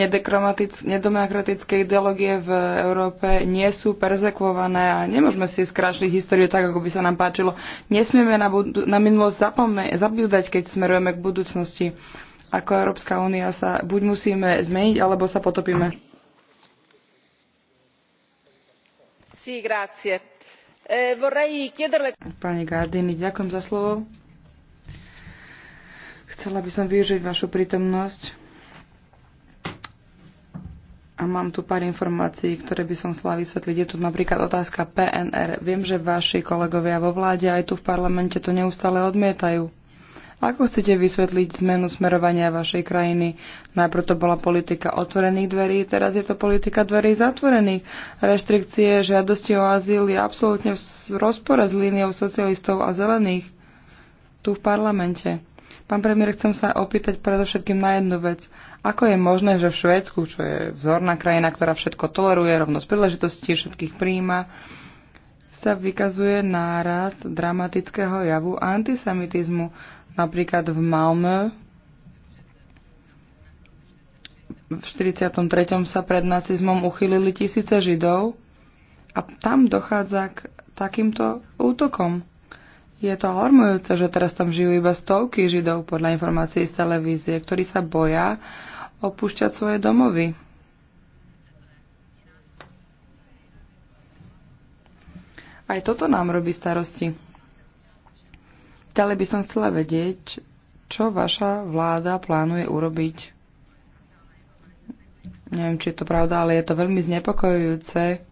nedemokratické ideológie v Európe nie sú perzekvované a nemôžeme si skrášliť históriu tak, ako by sa nám páčilo. Nesmieme na, budu- na minulosť zapome- zabúdať, keď smerujeme k budúcnosti ako Európska únia sa buď musíme zmeniť, alebo sa potopíme. Eh, Pani Gardini, ďakujem za slovo. Chcela by som využiť vašu prítomnosť. A mám tu pár informácií, ktoré by som chcela vysvetliť. Je tu napríklad otázka PNR. Viem, že vaši kolegovia vo vláde aj tu v parlamente to neustále odmietajú. Ako chcete vysvetliť zmenu smerovania vašej krajiny? Najprv to bola politika otvorených dverí, teraz je to politika dverí zatvorených. Reštrikcie žiadosti o azyl je absolútne v rozpore s líniou socialistov a zelených tu v parlamente. Pán premiér, chcem sa opýtať predovšetkým na jednu vec. Ako je možné, že v Švédsku, čo je vzorná krajina, ktorá všetko toleruje, rovnosť príležitosti, všetkých príjma, sa vykazuje nárast dramatického javu antisemitizmu. Napríklad v Malmö v 43. sa pred nacizmom uchylili tisíce Židov a tam dochádza k takýmto útokom. Je to alarmujúce, že teraz tam žijú iba stovky Židov, podľa informácií z televízie, ktorí sa boja opúšťať svoje domovy. Aj toto nám robí starosti. Ďalej by som chcela vedieť, čo vaša vláda plánuje urobiť. Neviem, či je to pravda, ale je to veľmi znepokojujúce.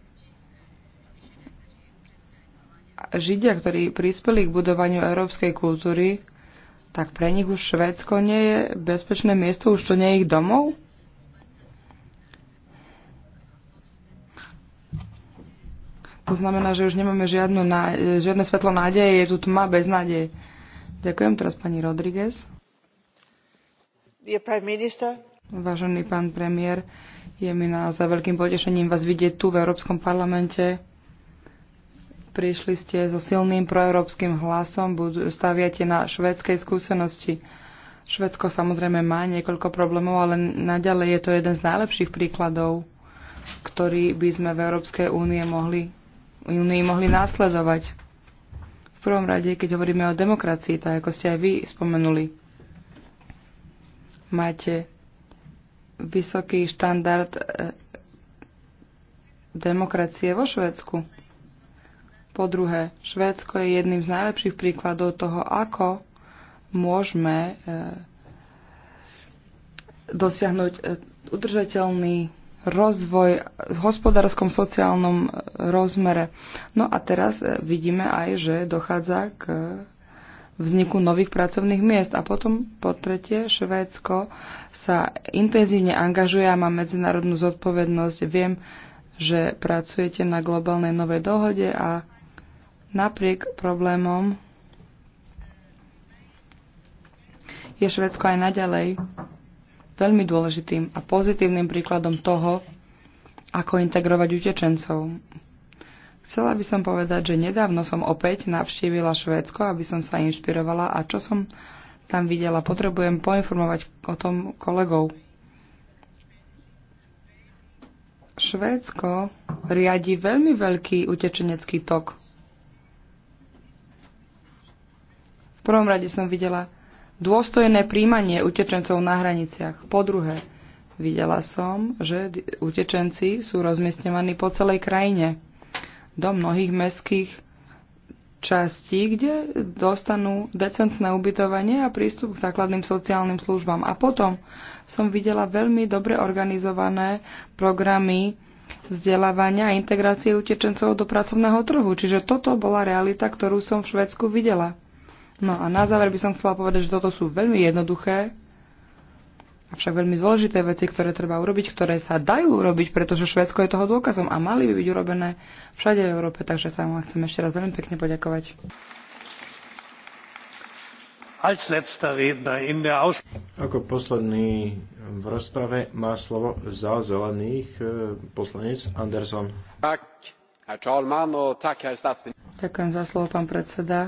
Židia, ktorí prispeli k budovaniu európskej kultúry, tak pre nich už Švédsko nie je bezpečné miesto, už to nie je ich domov? To znamená, že už nemáme žiadnu, žiadne svetlo nádeje, je tu tma bez nádeje. Ďakujem teraz pani Rodriguez. Vážený pán premiér, je mi naozaj veľkým potešením vás vidieť tu v Európskom parlamente. Prišli ste so silným proeurópskym hlasom, staviate na švedskej skúsenosti. Švedsko samozrejme má niekoľko problémov, ale naďalej je to jeden z najlepších príkladov, ktorý by sme v Európskej únie mohli, únii mohli následovať prvom rade, keď hovoríme o demokracii, tak ako ste aj vy spomenuli, máte vysoký štandard e, demokracie vo Švédsku. Po druhé, Švédsko je jedným z najlepších príkladov toho, ako môžeme e, dosiahnuť e, udržateľný rozvoj v hospodárskom, sociálnom e, rozmere. No a teraz e, vidíme aj, že dochádza k e, vzniku nových pracovných miest. A potom po tretie, Švédsko sa intenzívne angažuje a má medzinárodnú zodpovednosť. Viem, že pracujete na globálnej novej dohode a napriek problémom je Švédsko aj naďalej veľmi dôležitým a pozitívnym príkladom toho, ako integrovať utečencov. Chcela by som povedať, že nedávno som opäť navštívila Švédsko, aby som sa inšpirovala a čo som tam videla, potrebujem poinformovať o tom kolegov. Švédsko riadi veľmi veľký utečenecký tok. V prvom rade som videla dôstojné príjmanie utečencov na hraniciach. Po druhé, videla som, že utečenci sú rozmiestňovaní po celej krajine do mnohých mestských častí, kde dostanú decentné ubytovanie a prístup k základným sociálnym službám. A potom som videla veľmi dobre organizované programy vzdelávania a integrácie utečencov do pracovného trhu. Čiže toto bola realita, ktorú som v Švedsku videla. No a na záver by som chcela povedať, že toto sú veľmi jednoduché, avšak veľmi dôležité veci, ktoré treba urobiť, ktoré sa dajú urobiť, pretože Švedsko je toho dôkazom a mali by byť urobené všade v Európe, takže sa vám chcem ešte raz veľmi pekne poďakovať. Ako posledný v rozprave má slovo za zelených eh, poslanec Anderson. No, Ďakujem za slovo, pán predseda.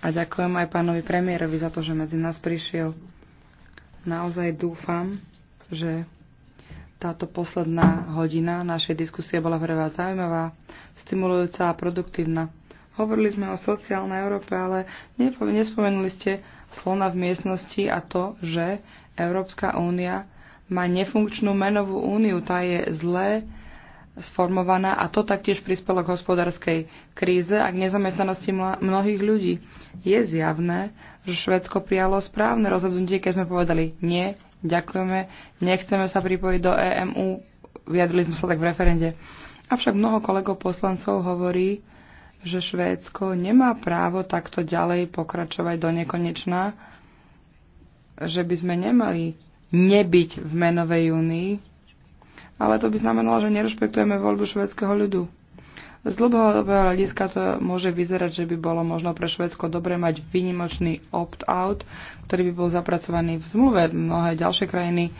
A ďakujem aj pánovi premiérovi za to, že medzi nás prišiel. Naozaj dúfam, že táto posledná hodina našej diskusie bola pre vás zaujímavá, stimulujúca a produktívna. Hovorili sme o sociálnej Európe, ale nespomenuli ste slona v miestnosti a to, že Európska únia má nefunkčnú menovú úniu. Tá je zlé sformovaná a to taktiež prispelo k hospodárskej kríze a k nezamestnanosti mnohých ľudí. Je zjavné, že Švedsko prijalo správne rozhodnutie, keď sme povedali nie, ďakujeme, nechceme sa pripojiť do EMU, vyjadrili sme sa tak v referende. Avšak mnoho kolegov poslancov hovorí, že Švédsko nemá právo takto ďalej pokračovať do nekonečná, že by sme nemali nebyť v menovej únii, ale to by znamenalo, že nerešpektujeme voľbu švedského ľudu. Z dlhodobého hľadiska to môže vyzerať, že by bolo možno pre Švedsko dobre mať výnimočný opt-out, ktorý by bol zapracovaný v zmluve. Mnohé ďalšie krajiny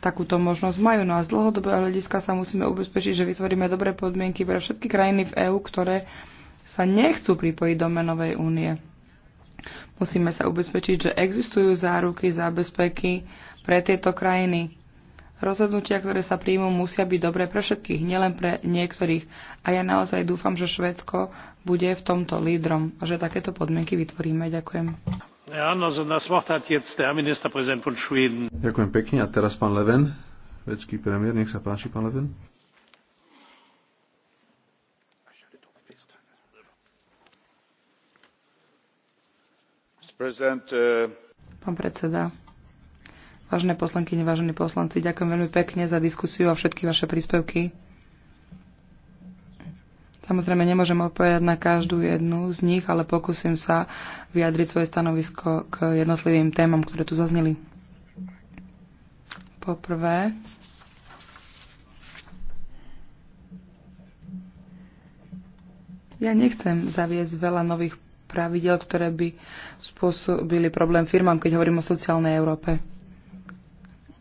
takúto možnosť majú. No a z dlhodobého hľadiska sa musíme ubezpečiť, že vytvoríme dobré podmienky pre všetky krajiny v EÚ, ktoré sa nechcú pripojiť do menovej únie. Musíme sa ubezpečiť, že existujú záruky, zábezpeky pre tieto krajiny Rozhodnutia, ktoré sa príjmú, musia byť dobré pre všetkých, nielen pre niektorých. A ja naozaj dúfam, že Švédsko bude v tomto lídrom a že takéto podmienky vytvoríme. Ďakujem. No, Ďakujem pekne. A teraz pán Leven, švedský premiér. Nech sa páči, pán Leven. Eh, pán predseda, Vážené poslanky, vážení poslanci, ďakujem veľmi pekne za diskusiu a všetky vaše príspevky. Samozrejme, nemôžem odpovedať na každú jednu z nich, ale pokúsim sa vyjadriť svoje stanovisko k jednotlivým témam, ktoré tu zazneli. Poprvé, ja nechcem zaviesť veľa nových pravidel, ktoré by spôsobili problém firmám, keď hovorím o sociálnej Európe.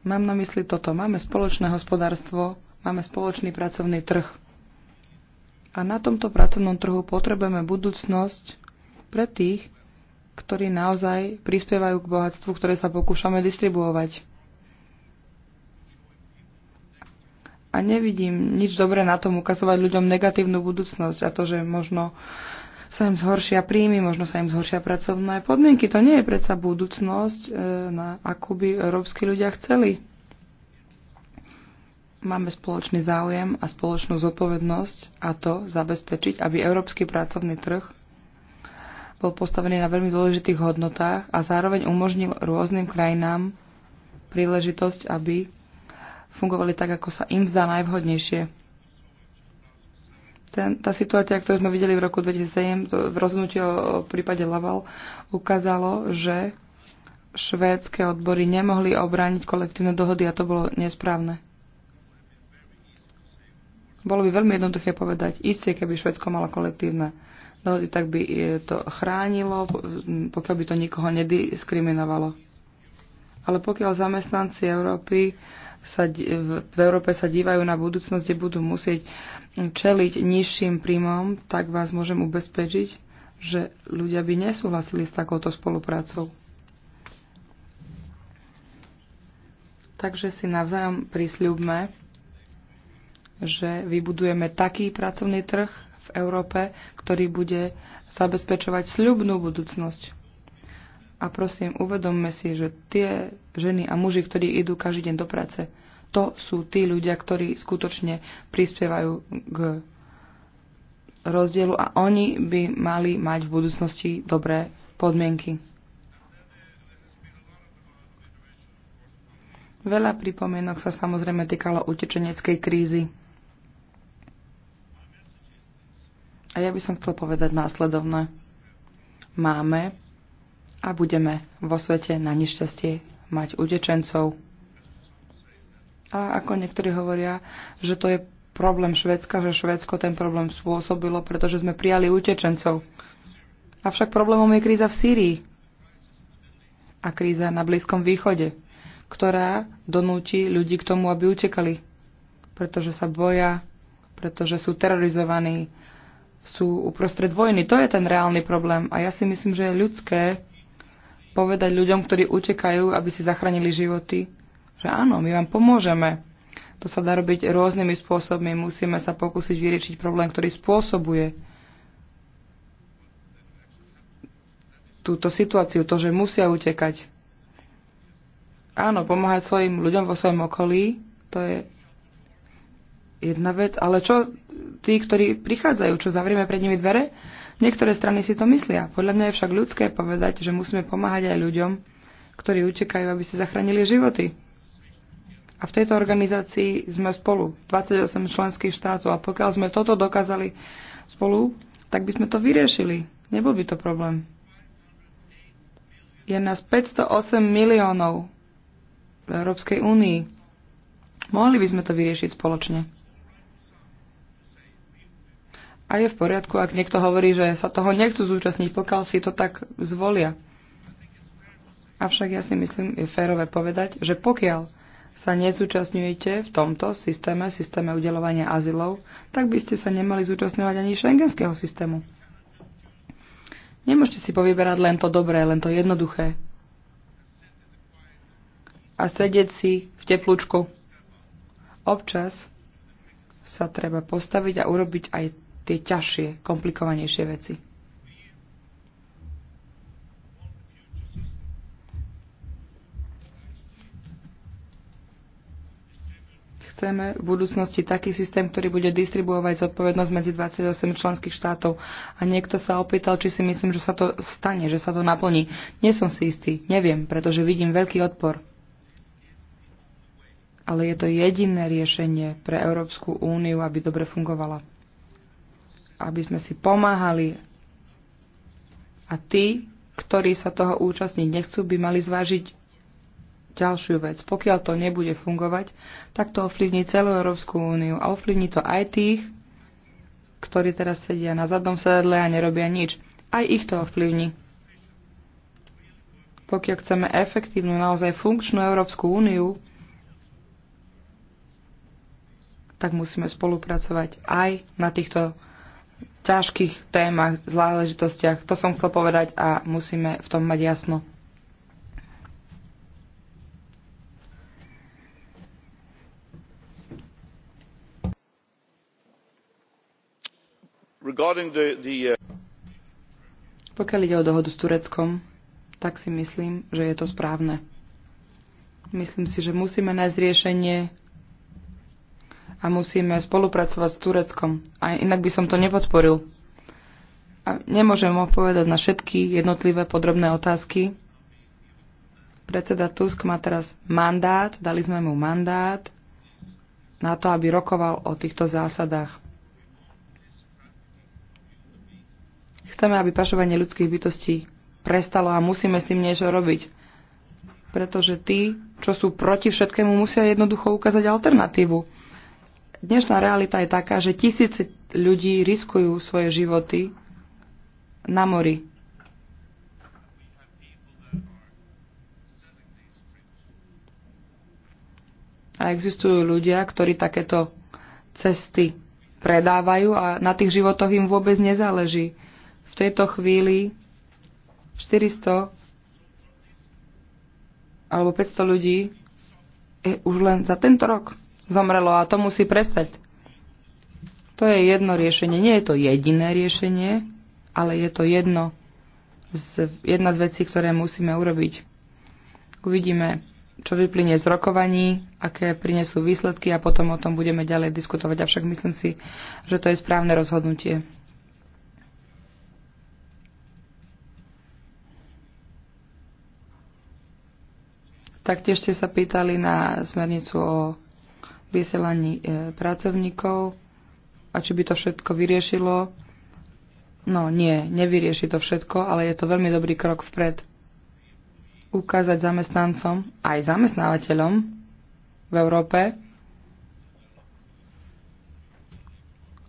Mám na mysli toto. Máme spoločné hospodárstvo, máme spoločný pracovný trh. A na tomto pracovnom trhu potrebujeme budúcnosť pre tých, ktorí naozaj prispievajú k bohatstvu, ktoré sa pokúšame distribuovať. A nevidím nič dobré na tom ukazovať ľuďom negatívnu budúcnosť a to, že možno sa im zhoršia príjmy, možno sa im zhoršia pracovné podmienky. To nie je predsa budúcnosť, e, na akú by európsky ľudia chceli. Máme spoločný záujem a spoločnú zodpovednosť a to zabezpečiť, aby európsky pracovný trh bol postavený na veľmi dôležitých hodnotách a zároveň umožnil rôznym krajinám príležitosť, aby fungovali tak, ako sa im zdá najvhodnejšie. Ten, tá situácia, ktorú sme videli v roku 2007, to, v rozhodnutí o, o prípade Laval, ukázalo, že švédske odbory nemohli obrániť kolektívne dohody a to bolo nesprávne. Bolo by veľmi jednoduché povedať, isté, keby Švedsko malo kolektívne dohody, tak by e, to chránilo, pokiaľ by to nikoho nediskriminovalo. Ale pokiaľ zamestnanci Európy sa, v Európe sa dívajú na budúcnosť, kde budú musieť čeliť nižším príjmom, tak vás môžem ubezpečiť, že ľudia by nesúhlasili s takouto spoluprácou. Takže si navzájom prisľubme, že vybudujeme taký pracovný trh v Európe, ktorý bude zabezpečovať sľubnú budúcnosť. A prosím, uvedomme si, že tie ženy a muži, ktorí idú každý deň do práce, to sú tí ľudia, ktorí skutočne prispievajú k rozdielu a oni by mali mať v budúcnosti dobré podmienky. Veľa pripomienok sa samozrejme týkalo utečeneckej krízy. A ja by som chcel povedať následovné. Máme a budeme vo svete na nešťastie mať utečencov. A ako niektorí hovoria, že to je problém Švedska, že Švedsko ten problém spôsobilo, pretože sme prijali utečencov. Avšak problémom je kríza v Sýrii a kríza na Blízkom východe, ktorá donúti ľudí k tomu, aby utekali, pretože sa boja, pretože sú terorizovaní, sú uprostred vojny. To je ten reálny problém a ja si myslím, že je ľudské povedať ľuďom, ktorí utekajú, aby si zachránili životy, že áno, my vám pomôžeme. To sa dá robiť rôznymi spôsobmi. Musíme sa pokúsiť vyriešiť problém, ktorý spôsobuje túto situáciu, to, že musia utekať. Áno, pomáhať svojim ľuďom vo svojom okolí, to je jedna vec, ale čo tí, ktorí prichádzajú, čo zavrieme pred nimi dvere? Niektoré strany si to myslia. Podľa mňa je však ľudské povedať, že musíme pomáhať aj ľuďom, ktorí utekajú, aby si zachránili životy. A v tejto organizácii sme spolu, 28 členských štátov. A pokiaľ sme toto dokázali spolu, tak by sme to vyriešili. Nebol by to problém. Je nás 508 miliónov v Európskej únii. Mohli by sme to vyriešiť spoločne. A je v poriadku, ak niekto hovorí, že sa toho nechcú zúčastniť, pokiaľ si to tak zvolia. Avšak ja si myslím, je férové povedať, že pokiaľ sa nezúčastňujete v tomto systéme, systéme udelovania azylov, tak by ste sa nemali zúčastňovať ani šengenského systému. Nemôžete si povyberať len to dobré, len to jednoduché. A sedieť si v teplúčku. Občas sa treba postaviť a urobiť aj tie ťažšie, komplikovanejšie veci. chceme v budúcnosti taký systém, ktorý bude distribuovať zodpovednosť medzi 28 členských štátov. A niekto sa opýtal, či si myslím, že sa to stane, že sa to naplní. Nie som si istý, neviem, pretože vidím veľký odpor. Ale je to jediné riešenie pre Európsku úniu, aby dobre fungovala aby sme si pomáhali. A tí, ktorí sa toho účastniť nechcú, by mali zvážiť ďalšiu vec. Pokiaľ to nebude fungovať, tak to ovplyvní celú Európsku úniu a ovplyvní to aj tých, ktorí teraz sedia na zadnom sedle a nerobia nič. Aj ich to ovplyvní. Pokiaľ chceme efektívnu, naozaj funkčnú Európsku úniu, tak musíme spolupracovať aj na týchto ťažkých témach, záležitostiach. To som chcel povedať a musíme v tom mať jasno. Uh, Pokiaľ ide o dohodu s Tureckom, tak si myslím, že je to správne. Myslím si, že musíme nájsť riešenie, a musíme spolupracovať s Tureckom. A inak by som to nepodporil. A nemôžem odpovedať na všetky jednotlivé podrobné otázky. Predseda Tusk má teraz mandát, dali sme mu mandát na to, aby rokoval o týchto zásadách. Chceme, aby pašovanie ľudských bytostí prestalo a musíme s tým niečo robiť. Pretože tí, čo sú proti všetkému, musia jednoducho ukázať alternatívu. Dnešná realita je taká, že tisíce ľudí riskujú svoje životy na mori. A existujú ľudia, ktorí takéto cesty predávajú a na tých životoch im vôbec nezáleží. V tejto chvíli 400 alebo 500 ľudí je už len za tento rok zomrelo a to musí prestať. To je jedno riešenie. Nie je to jediné riešenie, ale je to jedno z, jedna z vecí, ktoré musíme urobiť. Uvidíme, čo vyplynie z rokovaní, aké prinesú výsledky a potom o tom budeme ďalej diskutovať. Avšak myslím si, že to je správne rozhodnutie. Taktiež ste sa pýtali na smernicu o vysielaní e, pracovníkov a či by to všetko vyriešilo. No nie, nevyrieši to všetko, ale je to veľmi dobrý krok vpred. Ukázať zamestnancom, aj zamestnávateľom v Európe,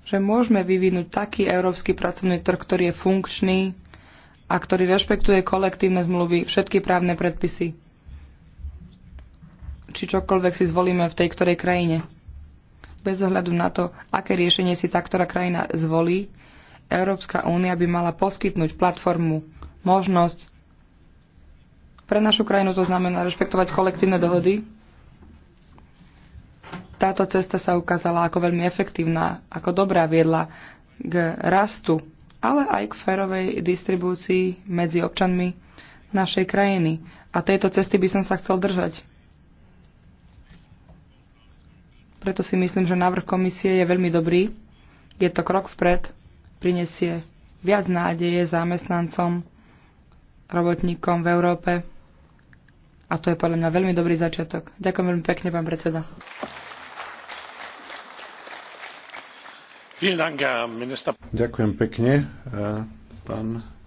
že môžeme vyvinúť taký európsky pracovný trh, ktorý je funkčný a ktorý rešpektuje kolektívne zmluvy, všetky právne predpisy či čokoľvek si zvolíme v tej ktorej krajine. Bez ohľadu na to, aké riešenie si tá ktorá krajina zvolí, Európska únia by mala poskytnúť platformu, možnosť. Pre našu krajinu to znamená rešpektovať kolektívne dohody. Táto cesta sa ukázala ako veľmi efektívna, ako dobrá viedla k rastu, ale aj k férovej distribúcii medzi občanmi našej krajiny. A tejto cesty by som sa chcel držať. Preto si myslím, že návrh komisie je veľmi dobrý. Je to krok vpred, prinesie viac nádeje zamestnancom, robotníkom v Európe. A to je podľa mňa veľmi dobrý začiatok. Ďakujem veľmi pekne, pán predseda. Ďakujem pekne, eh, pán